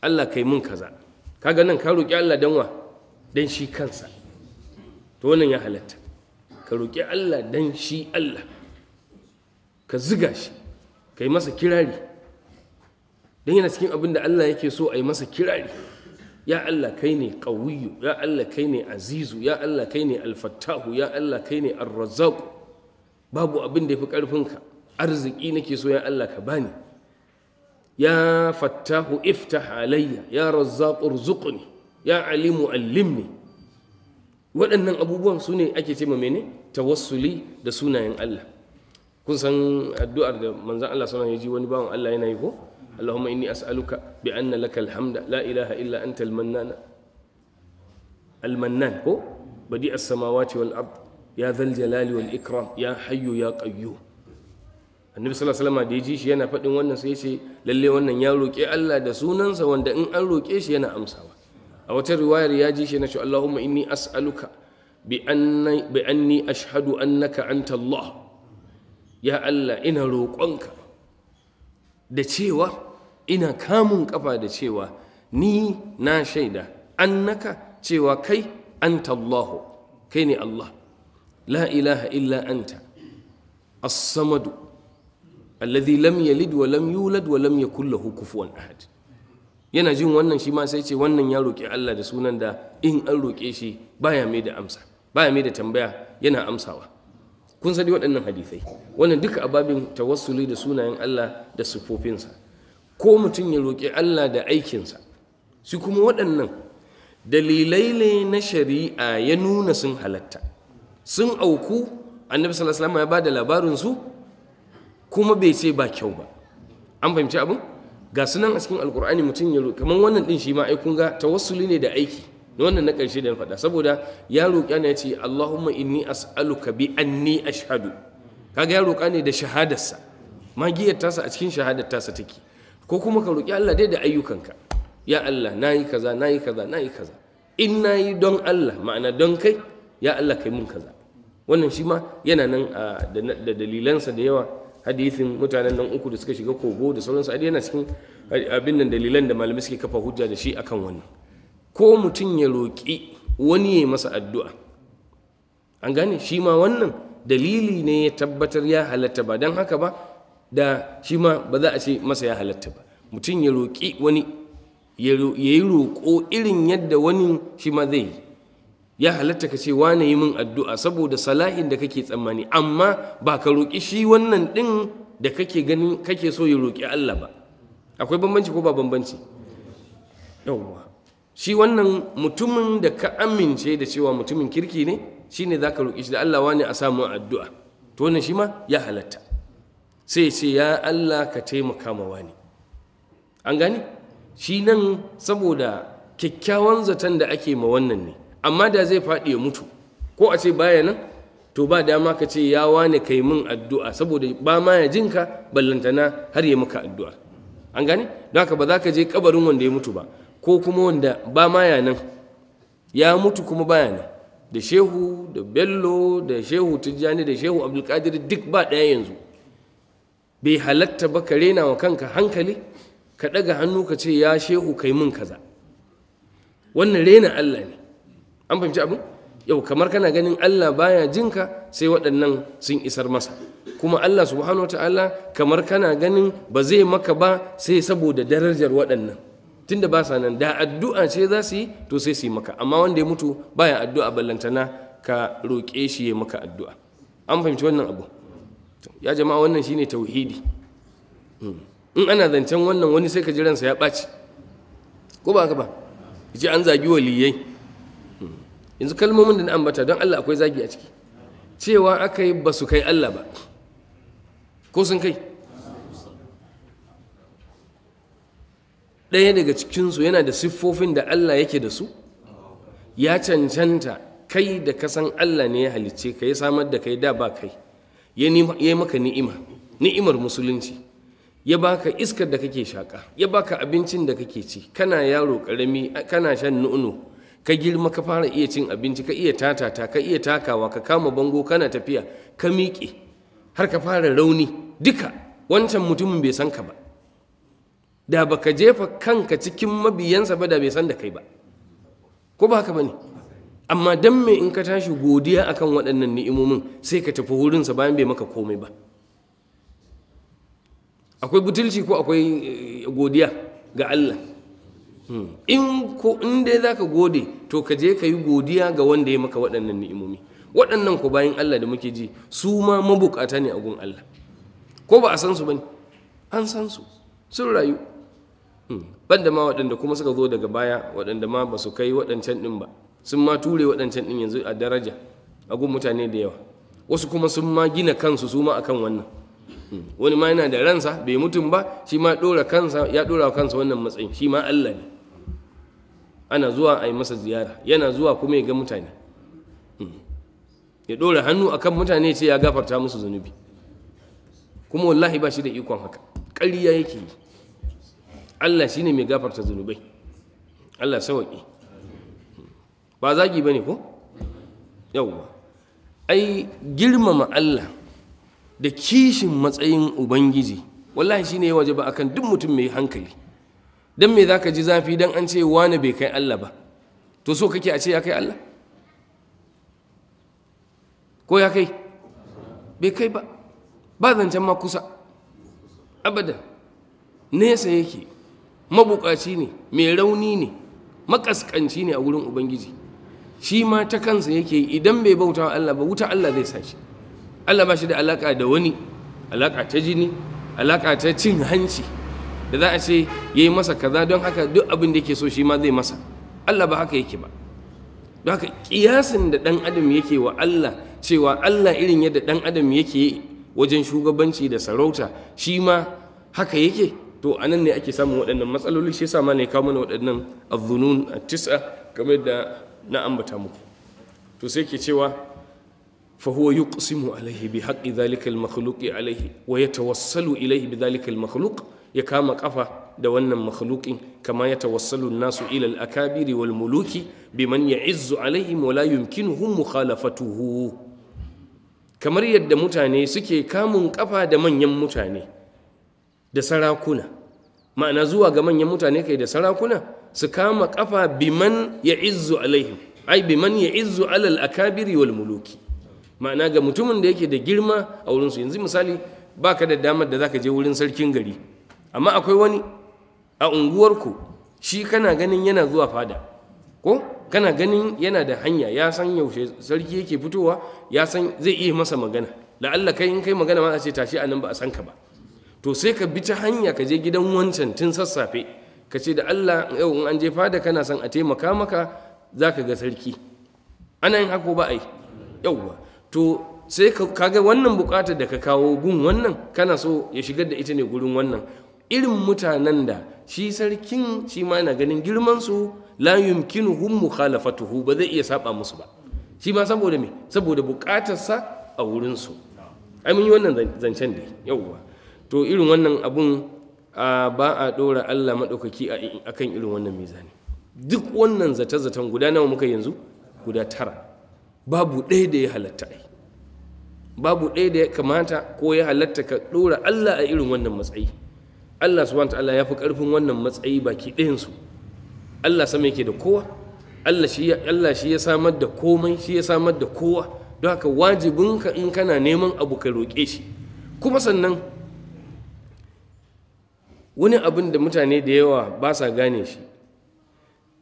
Allah kai mun kaza kaga nan ka roƙi Allah danwa dan shi kansa to wannan ya halatta ka roƙi Allah dan shi Allah ka ziga shi Kai masa kirari don yana cikin abin da Allah yake so a yi masa kirari ya Allah kai ne ƙawiyu ya Allah kai ne azizu ya Allah kai ne alfattahu ya Allah kai ne arrazaku babu abin da ya fi ƙarfinka arziki nake so ya Allah ka bani ya fattahu ifta halayya. ya razzaqu ne. ya alimu allimni waɗannan abubuwan su ne ake ce ma mene tawassuli da sunayen Allah kun san addu'ar da manzon Allah sallallahu alaihi wani bawan Allah yana yi ko Allahumma inni as'aluka bi anna lakal hamda la ilaha illa anta al-mannan al-mannan ko badi as-samawati wal ard ya dhal jalali wal ikram ya hayyu ya qayyum annabi sallallahu alaihi wasallam da ya ji shi yana faɗin wannan sai ce lalle wannan ya roƙe Allah da sunansa wanda in an roƙe shi yana amsawa a wata riwayar ya ji shi na ce Allahumma inni as'aluka bi anni ashhadu annaka anta Allah ya Allah ina roƙonka da cewa ina kamun ƙafa da cewa ni na shaida annaka cewa kai anta Allahu. kai ne Allah la ilaha illa anta as-samadu alladhi lam yalid wa lam yulad wa lam yakul lahu kufuwan ahad yana jin wannan shi ma sai ce wannan ya roƙi Allah da sunan da in an roƙe shi baya mai da amsa baya mai da tambaya yana amsawa kun sani waɗannan hadisai wannan duka ababin tawassuli da sunayen Allah da sufofinsa ko mutum ya roƙi Allah da aikinsa su kuma waɗannan dalilai ne na shari'a ya nuna sun halatta sun auku annabi sallallahu alaihi ya ba da labarin su kuma bai ce ba kyau ba an fahimci abin ga sunan a cikin alkur'ani mutum ya kamar wannan din shi ma ai kun ga tawassuli ne da aiki da wannan na ƙarshe da na faɗa saboda ya roƙi ne ya ce Allahumma inni as'aluka bi anni ashhadu kaga ya roƙa ne da shahadarsa magiyar tasa a cikin shahadar tasa take ko kuma ka roƙi Allah dai da ayyukanka ya Allah nayi kaza nayi kaza nayi kaza in nayi don Allah ma'ana don kai ya Allah kai mun kaza wannan shi ma yana nan da dalilansa da yawa hadisin mutanen nan uku da suka shiga kogo da sauransu a yana cikin abin nan dalilan da malamai suke kafa hujja da shi akan wannan ko mutum ya roƙi wani ya masa addu'a an gane shi ma wannan dalili ne ya tabbatar ya halatta ba don haka ba da shi ma ba za a ce masa ya halatta ba mutum ya roƙi wani ya yi roƙo irin yadda wani shi ma zai ya halatta ka ce wane yi min addu'a saboda salahin da kake tsammani amma ba ka roƙi shi wannan ɗin da kake ganin kake so ya roƙi Allah ba akwai bambanci ko ba bambanci yawwa shi wannan mutumin da ka amince da cewa mutumin kirki ne shine za ka roƙi shi da Allah wani a samun addu'a to wannan shi ma ya halatta sai ce ya Allah ka taimaka ma wani an gane shi nan saboda kyakkyawan zaton da ake ma wannan ne amma da zai faɗi ya mutu ko a ce baya nan to ba dama ka ce ya wane kai min addu'a saboda ba ma ya jinka ballantana har ya maka addu'a an gane don haka ba za ka je kabarin wanda ya mutu ba ko kuma wanda ba ma nan ya mutu kuma ba nan da shehu da bello da shehu tijjani da shehu abdulkadir duk ba ɗaya yanzu bai halatta ba ka rena wa kanka hankali ka ɗaga hannu ka ce ya shehu kai mun kaza wannan rena allah ne an fahimci abin yau kamar kana ganin Allah baya jinka sai waɗannan sun isar masa kuma Allah subhanahu wa ta'ala kamar kana ganin ba zai maka ba sai saboda darajar waɗannan tunda ba sa nan da addu'a ce za su yi to sai su yi maka amma wanda ya mutu baya addu'a ballantana ka roƙe shi ya maka addu'a an fahimci wannan abu ya jama'a wannan shine tauhidi hmm. in ana zancen wannan wani sai ka ji ransa ya ɓaci ko ba ka ba ji an zagi waliyai hmm. yanzu kalmomin da na ambata don Allah akwai zagi a ciki cewa aka yi ba su kai Allah ba ko sun kai ɗaya daga cikinsu yana da siffofin da Allah yake da su ya cancanta kai da kasan Allah ne ya halicce ka ya samar da kai da ba kai ya yi maka ni'ima ni'imar musulunci ya baka iskar da kake shaka ya baka abincin da kake ci kana yaro karami kana shan nu'nu ka girma ka fara iya cin abinci ka iya tatata ka iya takawa ka kama bango kana tafiya ka miƙe har ka fara rauni duka wancan mutumin bai san ka ba da baka jefa kanka cikin mabiyansa ba da bai san da kai ba ko ba haka ne amma dan me in ka tashi godiya akan waɗannan ni'imomin sai ka tafi wurinsa bayan bai maka komai ba akwai butulci ko akwai eh, godiya ga Allah hmm. in ko in dai zaka gode to ka je ka yi godiya ga wanda ya maka waɗannan ni'imomi waɗannan ku bayan Allah da muke ji su ma mabukata ne a gun Allah ko ba a san su ba ne an san su sun rayu Hmm. ban da ma waɗanda kuma suka zo daga baya waɗanda ma ba su kai waɗancan ɗin ba sun ma ture waɗancan ɗin yanzu a daraja a gun mutane da yawa wasu kuma sun ma gina kansu su ma akan wannan hmm. wani ma yana da ransa bai mutum ba shi ma ɗora kansa ya ɗora kansa wannan matsayin shi ma Allah ne ana zuwa a yi masa ziyara yana zuwa kuma ya ga mutane hmm. ya ɗora hannu akan mutane ce ya gafarta musu zunubi kuma wallahi ba shi da ikon haka ƙarya yake yi Allah shi ne mai gafarta zunubai Allah sauki ba zagi ne ko yawwa ai girmama Allah da kishin matsayin ubangiji wallahi ne ya a akan duk mutum mai hankali mai me ka ji zafi don an ce wani bai kai Allah ba to so kake a ce ya kai Allah ko ya kai bai kai ba ba zancen ma kusa abada nesa yake mabukaci ne mai rauni ne makaskanci ne a wurin ubangiji shi ma ta kansa yake idan bai bauta wa Allah ba wuta Allah zai sa shi Allah ba shi da alaka da wani alaka ta jini alaka ta cin hanci da za a ce ya yi masa kaza don haka duk abin da yake so shi ma zai masa Allah ba haka yake ba don haka kiyasin da ɗan adam yake wa Allah cewa Allah irin yadda ɗan adam yake wajen shugabanci da sarauta shi ma haka yake to anan ne ake samun waɗannan matsaloli shi yasa ma ne kawo mana waɗannan azzunun tis'a game da na ambata muku to sai ke cewa fa huwa yuqsimu alaihi bi haqqi dhalika al-makhluq alaihi wa yatawassalu ilaihi bi dhalika al-makhluq ya kama kafa da wannan makhluqin kama yatawassalu an-nasu ila al-akabiri wal muluki biman ya'izzu alaihim wa la yumkinuhum mukhalafatuhu kamar yadda mutane suke kamun kafa da manyan mutane da sarakuna ma'ana zuwa ga manyan mutane kai da sarakuna su kama kafa biman ya izzu alaihim ai biman ya izzu alal akabiri wal muluki ma'ana ga mutumin da yake da girma a wurin su, yanzu misali baka da damar da zaka je wurin sarkin gari amma akwai wani a unguwarku shi kana ganin yana zuwa fada ko kana ganin yana da hanya ya san yaushe sarki yake fitowa ya san zai iya masa magana la'alla kai in kai magana ma a ce tashi a nan ba a san ka ba to sai ka bi ta hanya ka je gidan wancan tun sassafe ka ce da Allah yau in an je fada kana son a taimaka maka za ka ga sarki ana yin hako ba a yi yauwa to sai ka ga wannan bukatar da ka kawo gun wannan kana so ya shigar da ita ne gurin wannan irin mutanen da shi sarkin shi ma na ganin girmansu la yumkinuhum tuhu ba zai iya saba musu ba shi ma saboda me saboda bukatarsa a wurinsu ai mun yi wannan zancen da yauwa to irin wannan abun ba a ɗora allah maɗaukaki a kan irin wannan mizani duk wannan zata-zatan guda nawa muka yanzu guda tara babu ɗaya da ya halatta ai babu ɗaya da ya kamata ko ya halatta ka ɗora allah a irin wannan matsayi allah subhanahu ta'ala ya fi ƙarfin wannan matsayi baki ɗayansu allah sama yake da kowa allah shi ya samar da komai shi ya samar da kowa don haka wajibinka in kana neman abu ka roƙe shi kuma sannan wani abin da mutane da yawa ba sa gane shi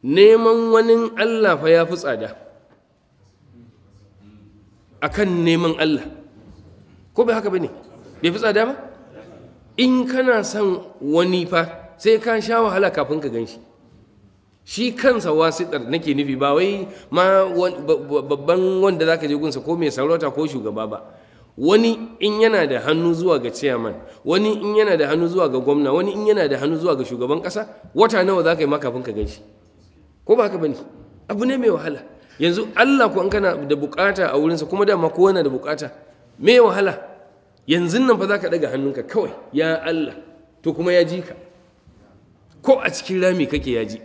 neman wani allah fa ya fi tsada a kan neman allah ko bai haka ba ne bai fi tsada ba in kana son wani fa sai ka sha wahala kafin ka ganshi. shi shi kansa wasitar nake nufi ba wai ma babban wanda za ka je gunsa ko mai sarauta ko shugaba ba wani in yana da hannu zuwa ga chairman wani in yana da hannu zuwa ga gwamna wani in yana da hannu zuwa ga shugaban kasa wata nawa za ka yi makafin ka gaji? ko ba haka bane abu ne mai wahala yanzu Allah ko an kana da bukata a wurinsa kuma dama ko yana da bukata mai wahala yanzu nan fa za ka daga hannunka kawai ya Allah to kuma ya ji ka ko a cikin rami kake ya ji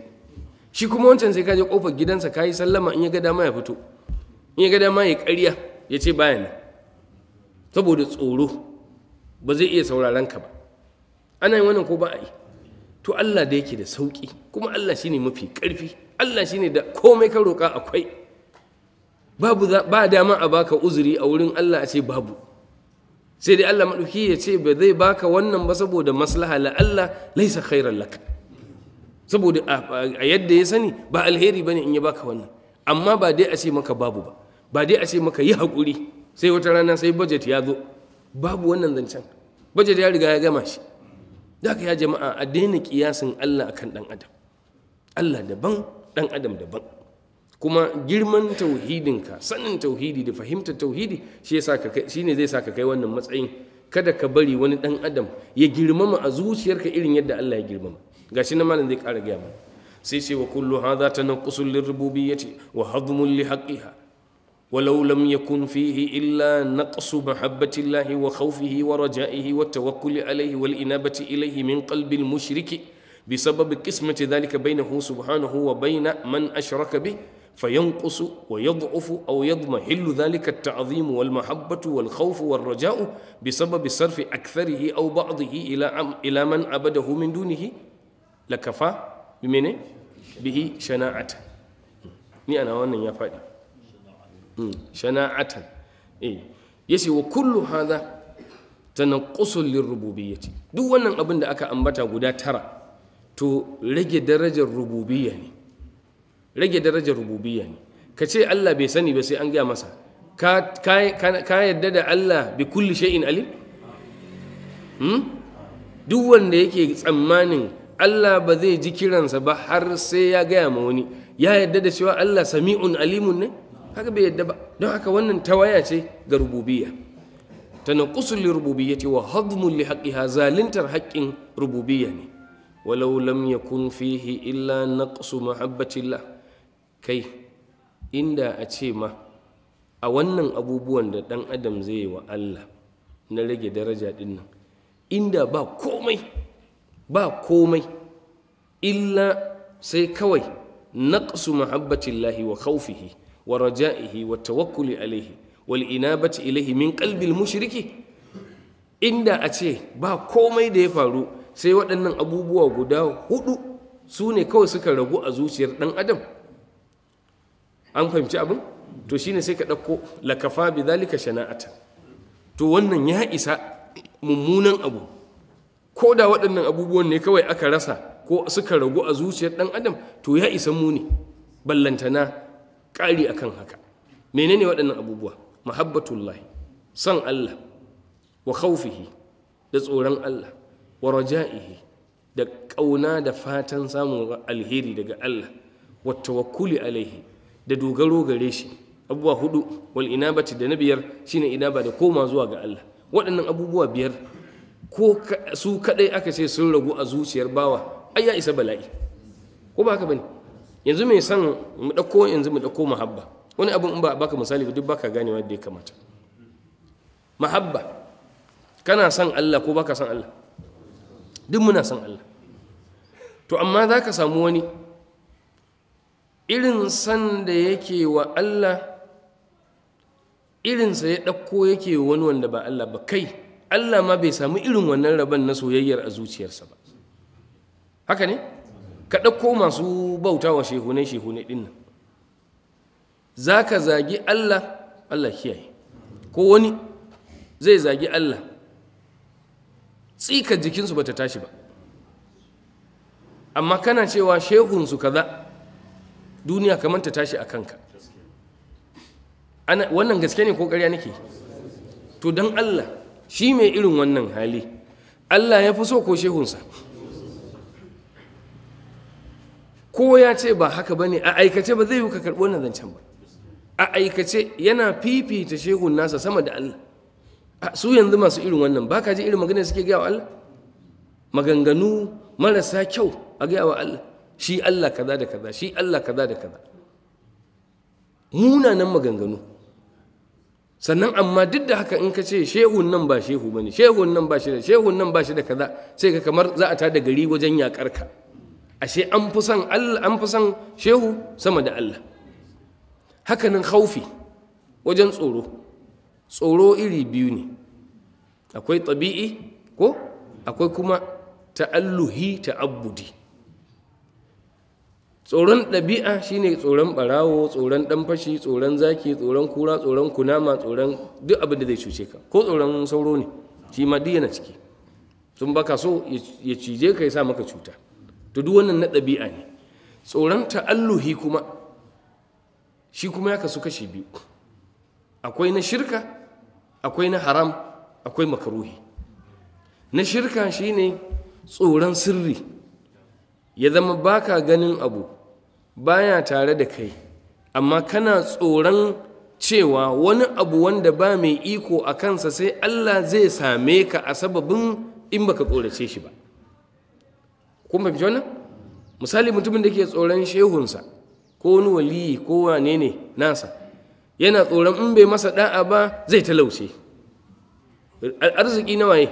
shi kuma wancan sai ka je kofar gidansa ka yi sallama in ya ga dama ya fito in ya ga dama ya ƙarya ya ce bayanan saboda tsoro ba zai iya sauraron ka ba ana yin wannan ko ba a yi to Allah da yake da sauki kuma Allah shine mafi karfi Allah shine da komai ka roka akwai babu ba dama a baka uzuri a wurin Allah a ce babu sai dai Allah maɗauki ya ce ba zai baka wannan ba saboda maslaha la Allah laisa khairan lak saboda a yadda ya sani ba alheri bane in ya baka wannan amma ba dai a ce maka babu ba ba dai a ce maka yi hakuri sai wata rana sai budget ya zo babu wannan zancen budget ya riga ya gama shi da ya jama'a a daina kiyasin Allah akan dan adam Allah daban dan adam daban kuma girman ka sanin tauhidi da fahimtar tauhidi shi ne zai saka kai wannan matsayin kada ka bari wani dan adam ya girmama a zuciyarka irin yadda Allah ya girmama gashi na malam zai kara gaya mana sai ce wa kullu hadha tanqusul lirububiyyati wa hadmun li haƙiha. ولو لم يكن فيه إلا نقص محبة الله وخوفه ورجائه والتوكل عليه والإنابة إليه من قلب المشرك بسبب قسمة ذلك بينه سبحانه وبين من أشرك به فينقص ويضعف أو يضمحل ذلك التعظيم والمحبة والخوف والرجاء بسبب صرف أكثره أو بعضه إلى إلى من عبده من دونه لكفى بمن به شناعة ني أنا وأنا يا فادي shana'atan eh yace wa kullu hadha tanqusu lirububiyyati duk wannan abin da aka ambata guda tara to rage darajar rububiyya ne rage darajar rububiyya ne ka Allah bai sani ba sai an gaya masa ka yadda da Allah bi kulli shay'in alim hmm? duk wanda yake tsammanin Allah ba zai ji kiransa ba har sai ya gaya ma wani ya yadda da cewa Allah sami'un alimun ne haka bai yadda ba don haka wannan tawaya ce ga rububiyya ta kusurli rububiyya ce wa hadmun li haƙiha zalintar haƙƙin rububiyya ne walau lam kun fihi illa naqsu mahabbatillah kai inda a ce ma a wannan abubuwan da ɗan adam zai yi wa Allah na rage daraja ɗin nan inda ba komai ba komai illa sai kawai naqsu mahabbatillahi wa khawfihi wa raja'ihi wa tawakkuli alaihi wal inabati ilaihi min kalbin mushiriki? inda a ce ba komai da ya faru sai waɗannan abubuwa guda hudu su ne kawai suka ragu a zuciyar ɗan adam an fahimci abin to shine sai ka ɗauko lakafa bi zalika shana'ata to wannan ya isa mummunan abu ko da waɗannan abubuwan ne kawai aka rasa ko suka ragu a zuciyar ɗan adam to ya isa muni ballantana ƙari akan haka menene waɗannan abubuwa mahabbatullah san Allah wa khawfihi da tsoron Allah wa raja'ihi da ƙauna da fatan samun alheri daga Allah wa tawakkuli alaihi da dogaro gare shi abubuwa hudu wal inabati da na biyar shine inaba da koma zuwa ga Allah waɗannan abubuwa biyar ko su kaɗai aka ce sun ragu a zuciyar bawa Ayya ya isa bala'i ko ba haka bane yanzu mai son mu ɗauko yanzu mu ɗauko mahabba wani abin in ba baka misali duk baka gane wadda ya kamata mahabba kana son Allah ko baka son Allah duk muna son Allah to amma za ka samu wani irin san da yake wa Allah irinsa ya ɗauko yake wani wanda ba Allah ba kai Allah ma bai samu irin wannan rabon na soyayyar a zuciyarsa ba haka ne? ka ɗauko masu bauta wa shehune shehune ɗin nan za ka zagi allah allah kiyaye ko wani zai zagi allah tsikar jikinsu ba ta tashi ba amma kana cewa shehunsu kaza duniya kamar ta tashi a kanka wannan gaske ne ko ƙarya nake to don allah shi mai irin wannan hali allah ya fi so ko shehunsa ko ya ce ba haka ba ne a aikace ba zai yi ka karɓo wannan zancen ba a aikace yana fifita shehun nasa sama da Allah su yanzu masu irin wannan ba ka ji irin magana suke gaya wa Allah maganganu marasa kyau a gaya wa Allah shi Allah kaza da kaza shi Allah kaza da kaza munanan maganganu sannan amma duk da haka in ka ce shehun nan ba shehu ne shehun nan ba shi da shehun nan ba shi da kaza sai ka kamar za a tada gari wajen yakar ka ashe an fi son Allah an fi son shehu sama da Allah haka nan khaufi wajen tsoro tsoro iri biyu ne akwai tabi'i ko akwai kuma ta'alluhi ta'abbudi tsoron ɗabi'a shine tsoron ɓarawo tsoron ɗan fashi tsoron zaki tsoron kura tsoron kunama tsoron duk abin da zai cuce ka ko tsoron sauro ne shi ma duk yana ciki sun baka so ya cije ka ya sa maka cuta to duk wannan na ɗabi'a ne tsoron ta'alluhi kuma shi kuma ya kasu kashe biyu akwai na shirka akwai na haram akwai makaruhi na shirka shi ne tsoron sirri ya zama baka ganin abu baya tare da kai amma kana tsoron cewa wani abu wanda ba mai iko a kansa sai Allah zai same ka a sababin in baka tsorace shi ba kun fahimci wannan misali mutumin da ke tsoron shehunsa ko wani waliyi ko wane ne nasa yana tsoron in bai masa da'a ba zai talauce arziki na waye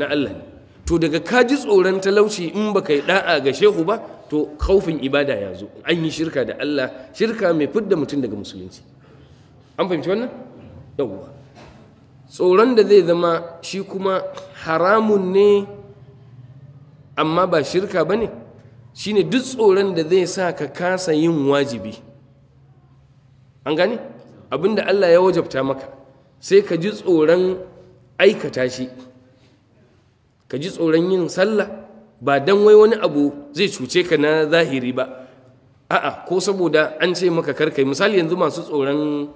na Allah ne to daga ka ji tsoron talauci in baka yi da'a ga shehu ba to kaufin ibada ya zo an yi shirka da Allah shirka mai fidda mutum daga musulunci an fahimci wannan yawwa tsoron da zai zama shi kuma haramun ne amma ba shirka ba ne shi ne duk tsoron da zai sa ka kasa yin wajibi an gane abinda allah ya wajabta maka sai ka ji tsoron aikata shi ka ji tsoron yin sallah ba don wai wani abu zai cuce ka na zahiri ba a'a ko saboda an ce maka karkai misali yanzu masu tsoron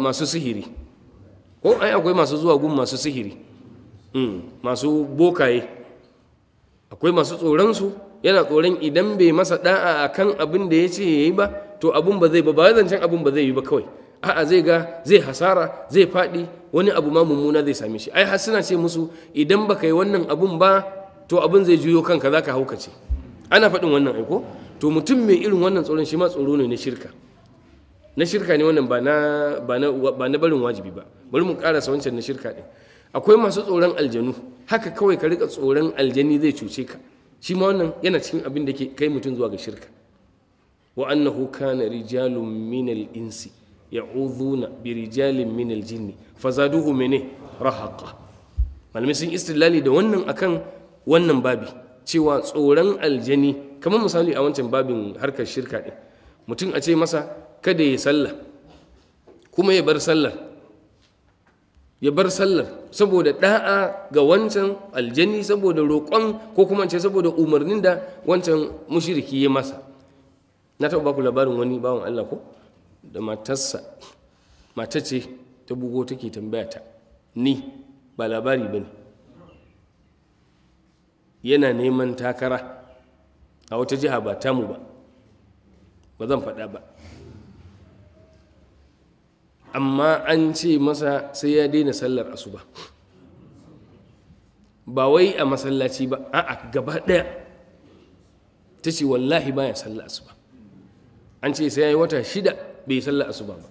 masu sihiri ko ai akwai masu zuwa gun masu sihiri hmm, masu bokaye akwai masu tsoron su yana tsoron idan bai masa da'a a kan abin da ya ce ya yi ba to abin ba zai ba ba zancen abin ba zai yi ba kawai a'a zai ga zai hasara zai faɗi wani abu ma mummuna zai same shi ai har suna ce musu idan ka yi wannan abun ba to abin zai juyo kanka zaka ce? ana faɗin wannan aiko to mutum mai irin wannan tsoron shi ma tsoro ne na shirka na shirka ne wannan ba na barin wajibi ba bari mu karasa wancan na shirka din akwai masu tsoron aljanu haka kawai ka rika tsoron aljani zai cuce ka shi ma wannan yana cikin abin da ke kai mutum zuwa ga shirka wa annahu kana rijalun minal insi ya'udhuna bi rijalin minal jinni fazaduhu mene rahaqa malamai sun istilali da wannan akan wannan babi cewa tsoron aljani kamar misali a wancan babin harkar shirka din mutum a ce masa kada ya sallah kuma ya bar sallah ya bar sallar saboda da'a ga wancan aljani saboda roƙon ko kuma ce saboda umarnin da wancan mushriki ya masa na taɓa baku labarin wani bawan Allah ko da matarsa mata ce ta bugo take tambaya ta ni ba labari ba ne yana neman takara a wata jiha ba tamu ba ba zan faɗa ba amma an ce masa sai ya daina sallar asuba ba wai a masallaci ba a gaba ɗaya ta ce wallahi ya sallar asuba an ce sai ya yi wata shida bai sallar asuba ba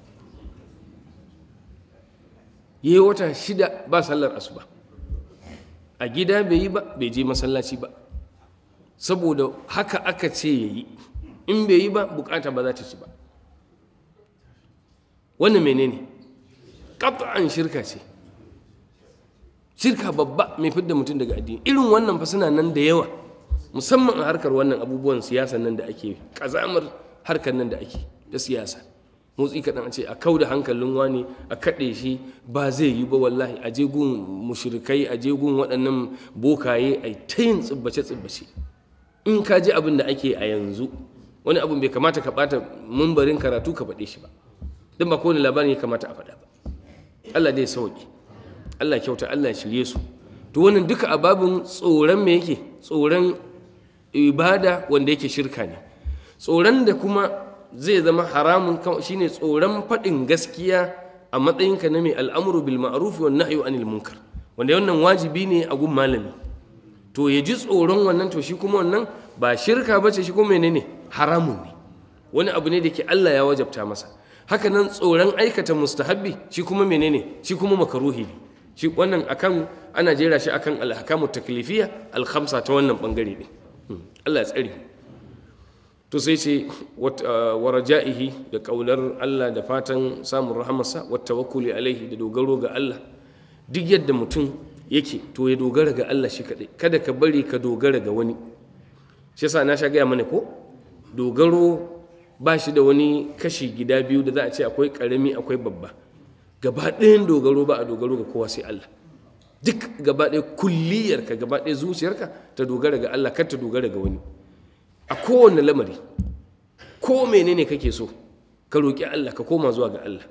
ya yi wata shida ba sallar asuba a gida bai yi ba bai je masallaci ba saboda haka aka ce ya yi in bai yi ba bukata ba za ta ci ba wannan menene qat'an shirka ce shirka babba mai fidda mutum daga addini irin wannan fa suna nan da yawa musamman a harkar wannan abubuwan siyasa nan da ake kazamar harkar nan da ake da siyasa motsi kaɗan a ce a kau da hankalin wani a kaɗe shi ba zai yi ba wallahi a je gun mushrikai a jegun waɗannan bokaye a ta yin tsibbace-tsibbace in ka ji abin da ake a yanzu wani abin bai kamata ka ɓata mumbarin karatu ka faɗe shi ba don ba kowane labarin ya kamata a faɗa ba Allah dai sauki Allah kyauta Allah shirye su to wannan duka a babin tsoron me yake tsoron ibada wanda yake shirka ne tsoron da kuma zai zama haramun shine tsoron faɗin gaskiya a matsayinka na mai al'amuru bil ma'ruf wa nahyu anil munkar wanda wannan wajibi ne a gun malami to ya ji tsoron wannan to shi kuma wannan ba shirka bace shi kuma menene haramun ne wani abu ne da ke Allah ya wajabta masa haka nan tsoron aikata mustahabbi shi kuma menene shi kuma makaruhi ne shi wannan akan ana jera shi akan alhakamu taklifiya alhamsa ta wannan bangare ne hmm. Allah ya tsare to sai ce ah, wa raja'ihi da kaular Allah da fatan samun rahamarsa wa tawakkuli alaihi da dogaro ga Allah duk yadda mutum yake to ya dogara ga Allah shi kadai kada ka bari ka dogara ga wani shi yasa na sha gaya mana ko dogaro ba shi da wani kashi gida biyu da za a ce akwai karami akwai babba gaba ɗayan dogaro ba a dogaro ga kowa sai Allah duk gaba ɗaya kulliyarka gaba ɗaya zuciyarka ta dogara ga Allah kar ta dogara ga wani a kowane lamari ko menene kake so ka roƙi Allah ka koma zuwa ga Allah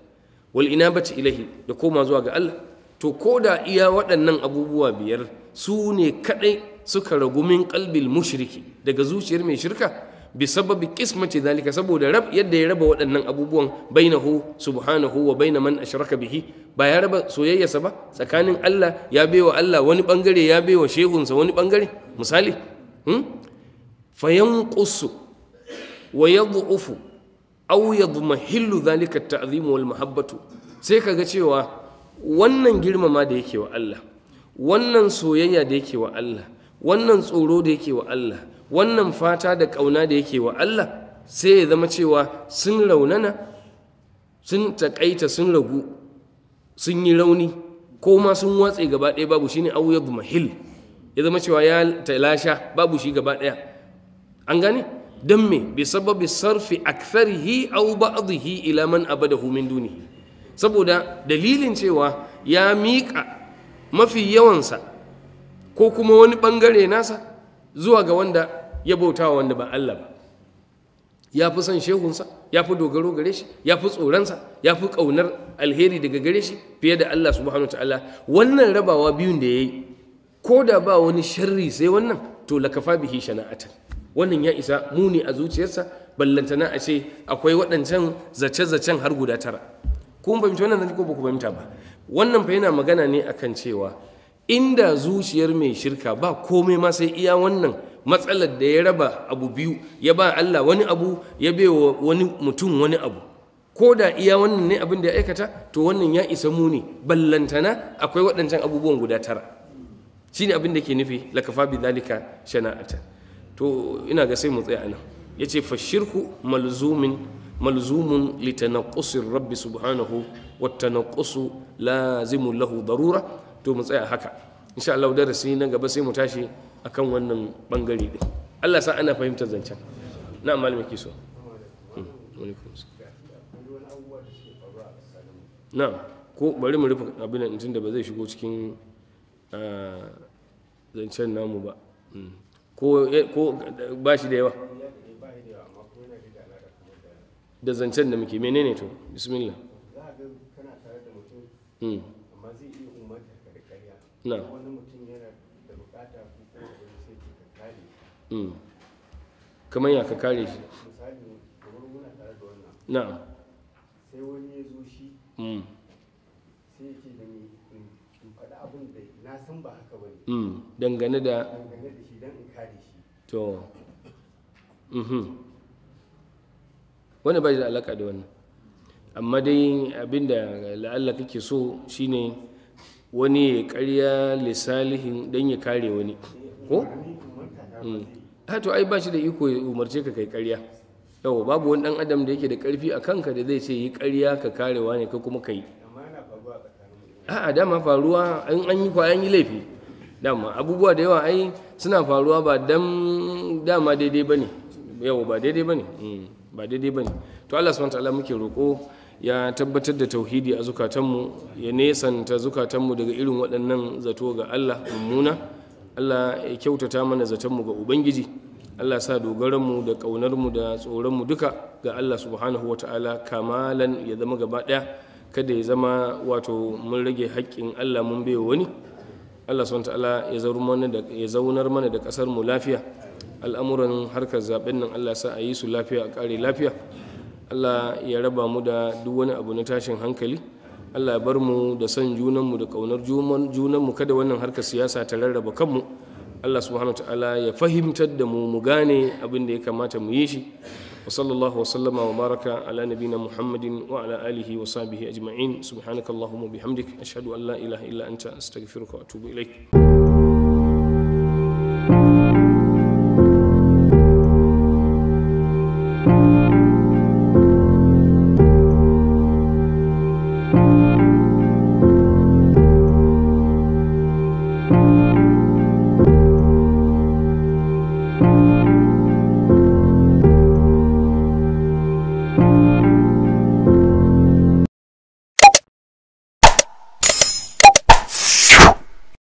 wal inabati ilahi da koma zuwa ga Allah to ko da iya waɗannan abubuwa biyar su ne kaɗai suka ragumin min kalbil mushriki daga zuciyar mai shirka bi sababi qismati dalika saboda rab yadda ya raba waɗannan abubuwan bainahu subhanahu wa baina man ashraka bihi ba ya raba soyayyasa ba tsakanin Allah ya baiwa Allah wani bangare ya baiwa shehunsa wani bangare misali hmm? fayanqusu wa yad'ufu aw yadmahillu dhalika at-ta'zimu wal sai kaga cewa wannan girmama da yake wa Allah wannan soyayya da yake wa Allah wannan tsoro da yake wa Allah wannan fata da ƙauna da yake wa Allah sai ya zama cewa sun raunana sun taƙaita sun ragu sun yi rauni ko ma sun watse gaba ɗaya babu shi ne yadu mahil ya zama cewa ya talasha babu shi gaba ɗaya an gane don me bi sababi sarfi aktharihi au ba'dihi ila man abadahu min dunihi saboda dalilin cewa ya miƙa mafi yawansa ko kuma wani ɓangare nasa zuwa ga wanda ya bauta wa wanda ba Allah ba ya fi son shehunsa ya fi dogaro gare shi ya fi tsoronsa ya fi ƙaunar alheri daga gare shi fiye da Allah subhanahu ta'ala wannan rabawa biyun da ya yi ko da ba wani sharri sai wannan to lakafa bihi shana'atan wannan ya isa muni a zuciyarsa ballantana a ce akwai waɗancan zace-zacen har guda tara kun fahimci wannan ko ba fahimta ba wannan fa yana magana ne akan cewa inda zuciyar mai shirka ba komai ma sai iya wannan matsalar da ya raba abu biyu ya ba Allah wani abu ya be wani mutum wani abu ko da iya wannan ne abin da ya aikata to wannan ya isa muni ballantana akwai waɗancan abubuwan guda tara shine abin da ke nufi lakafa bi zalika shana'ata to ina ga sai mu tsaya anan yace fa shirku malzumin malzumun rabbi subhanahu wa tanaqqusu lazimun lahu darura to mu tsaya haka insha Allah darasi nan gaba sai mu tashi akan wannan bangare din Allah sa ana fahimtar zancen na malami ke so hmm, na ko bari mu rufe abin nan tunda ba zai shigo cikin ah, zancen namu ba hmm. eh, ko ba shi da yawa da zancen da muke menene to bismillah za ka ga kana tare da mutum wani da bukata ko ka kare hmm. kamar ya ka kare shi misali kamar muna tare da wani ya zo hmm. abin da na san ba haka ne hmm. shi mm-hmm. da alaka da wannan amma dai abinda la'alla kake so shine wani ya karya lissalihin don ya kare wani ko? Hmm. to ai ba shi da iko umarce ka kai karya yau babu wani dan adam da yake da karfi a kanka da zai ce yi karya ka karewa ne ka kuma kai a'a dama faruwa in an yi kwayan yi laifi dama abubuwa da yawa ai suna faruwa ba dan dama daidai ba ne. yau ba daidai ne. Hmm, ba daidai ne. to Allah subhanahu wa ta'ala muke roƙo. ya tabbatar da tauhidi a zukatanmu ya nesanta zukatanmu daga irin waɗannan zato ga Allah mummuna Allah ya kyautata mana zatonmu ga Ubangiji Allah sa dogaranmu da ƙaunarmu da tsoronmu duka ga Allah subhanahu wata'ala kamalan ya zama gaba ɗaya kada ya zama wato mun rage haƙƙin Allah mun bai wani Allah subhanahu ta'ala ya zaunar mana da ƙasar mu lafiya al'amuran harkar zaben nan Allah sa a yi su lafiya a ƙare lafiya Allah ya raba mu da duk wani abu na tashin hankali Allah ya bar mu da son junanmu da ƙaunar junanmu kada wannan harkar siyasa ta rarraba kanmu Allah subhanahu wa ta'ala ya fahimtar da mu mu gane abin da ya kamata mu yi shi wa sallallahu wa sallama wa baraka ala nabina muhammadin wa ala alihi wa sahbihi ajma'in subhanakallahumma bihamdik ashhadu an la ilaha illa anta astaghfiruka wa atubu ilaik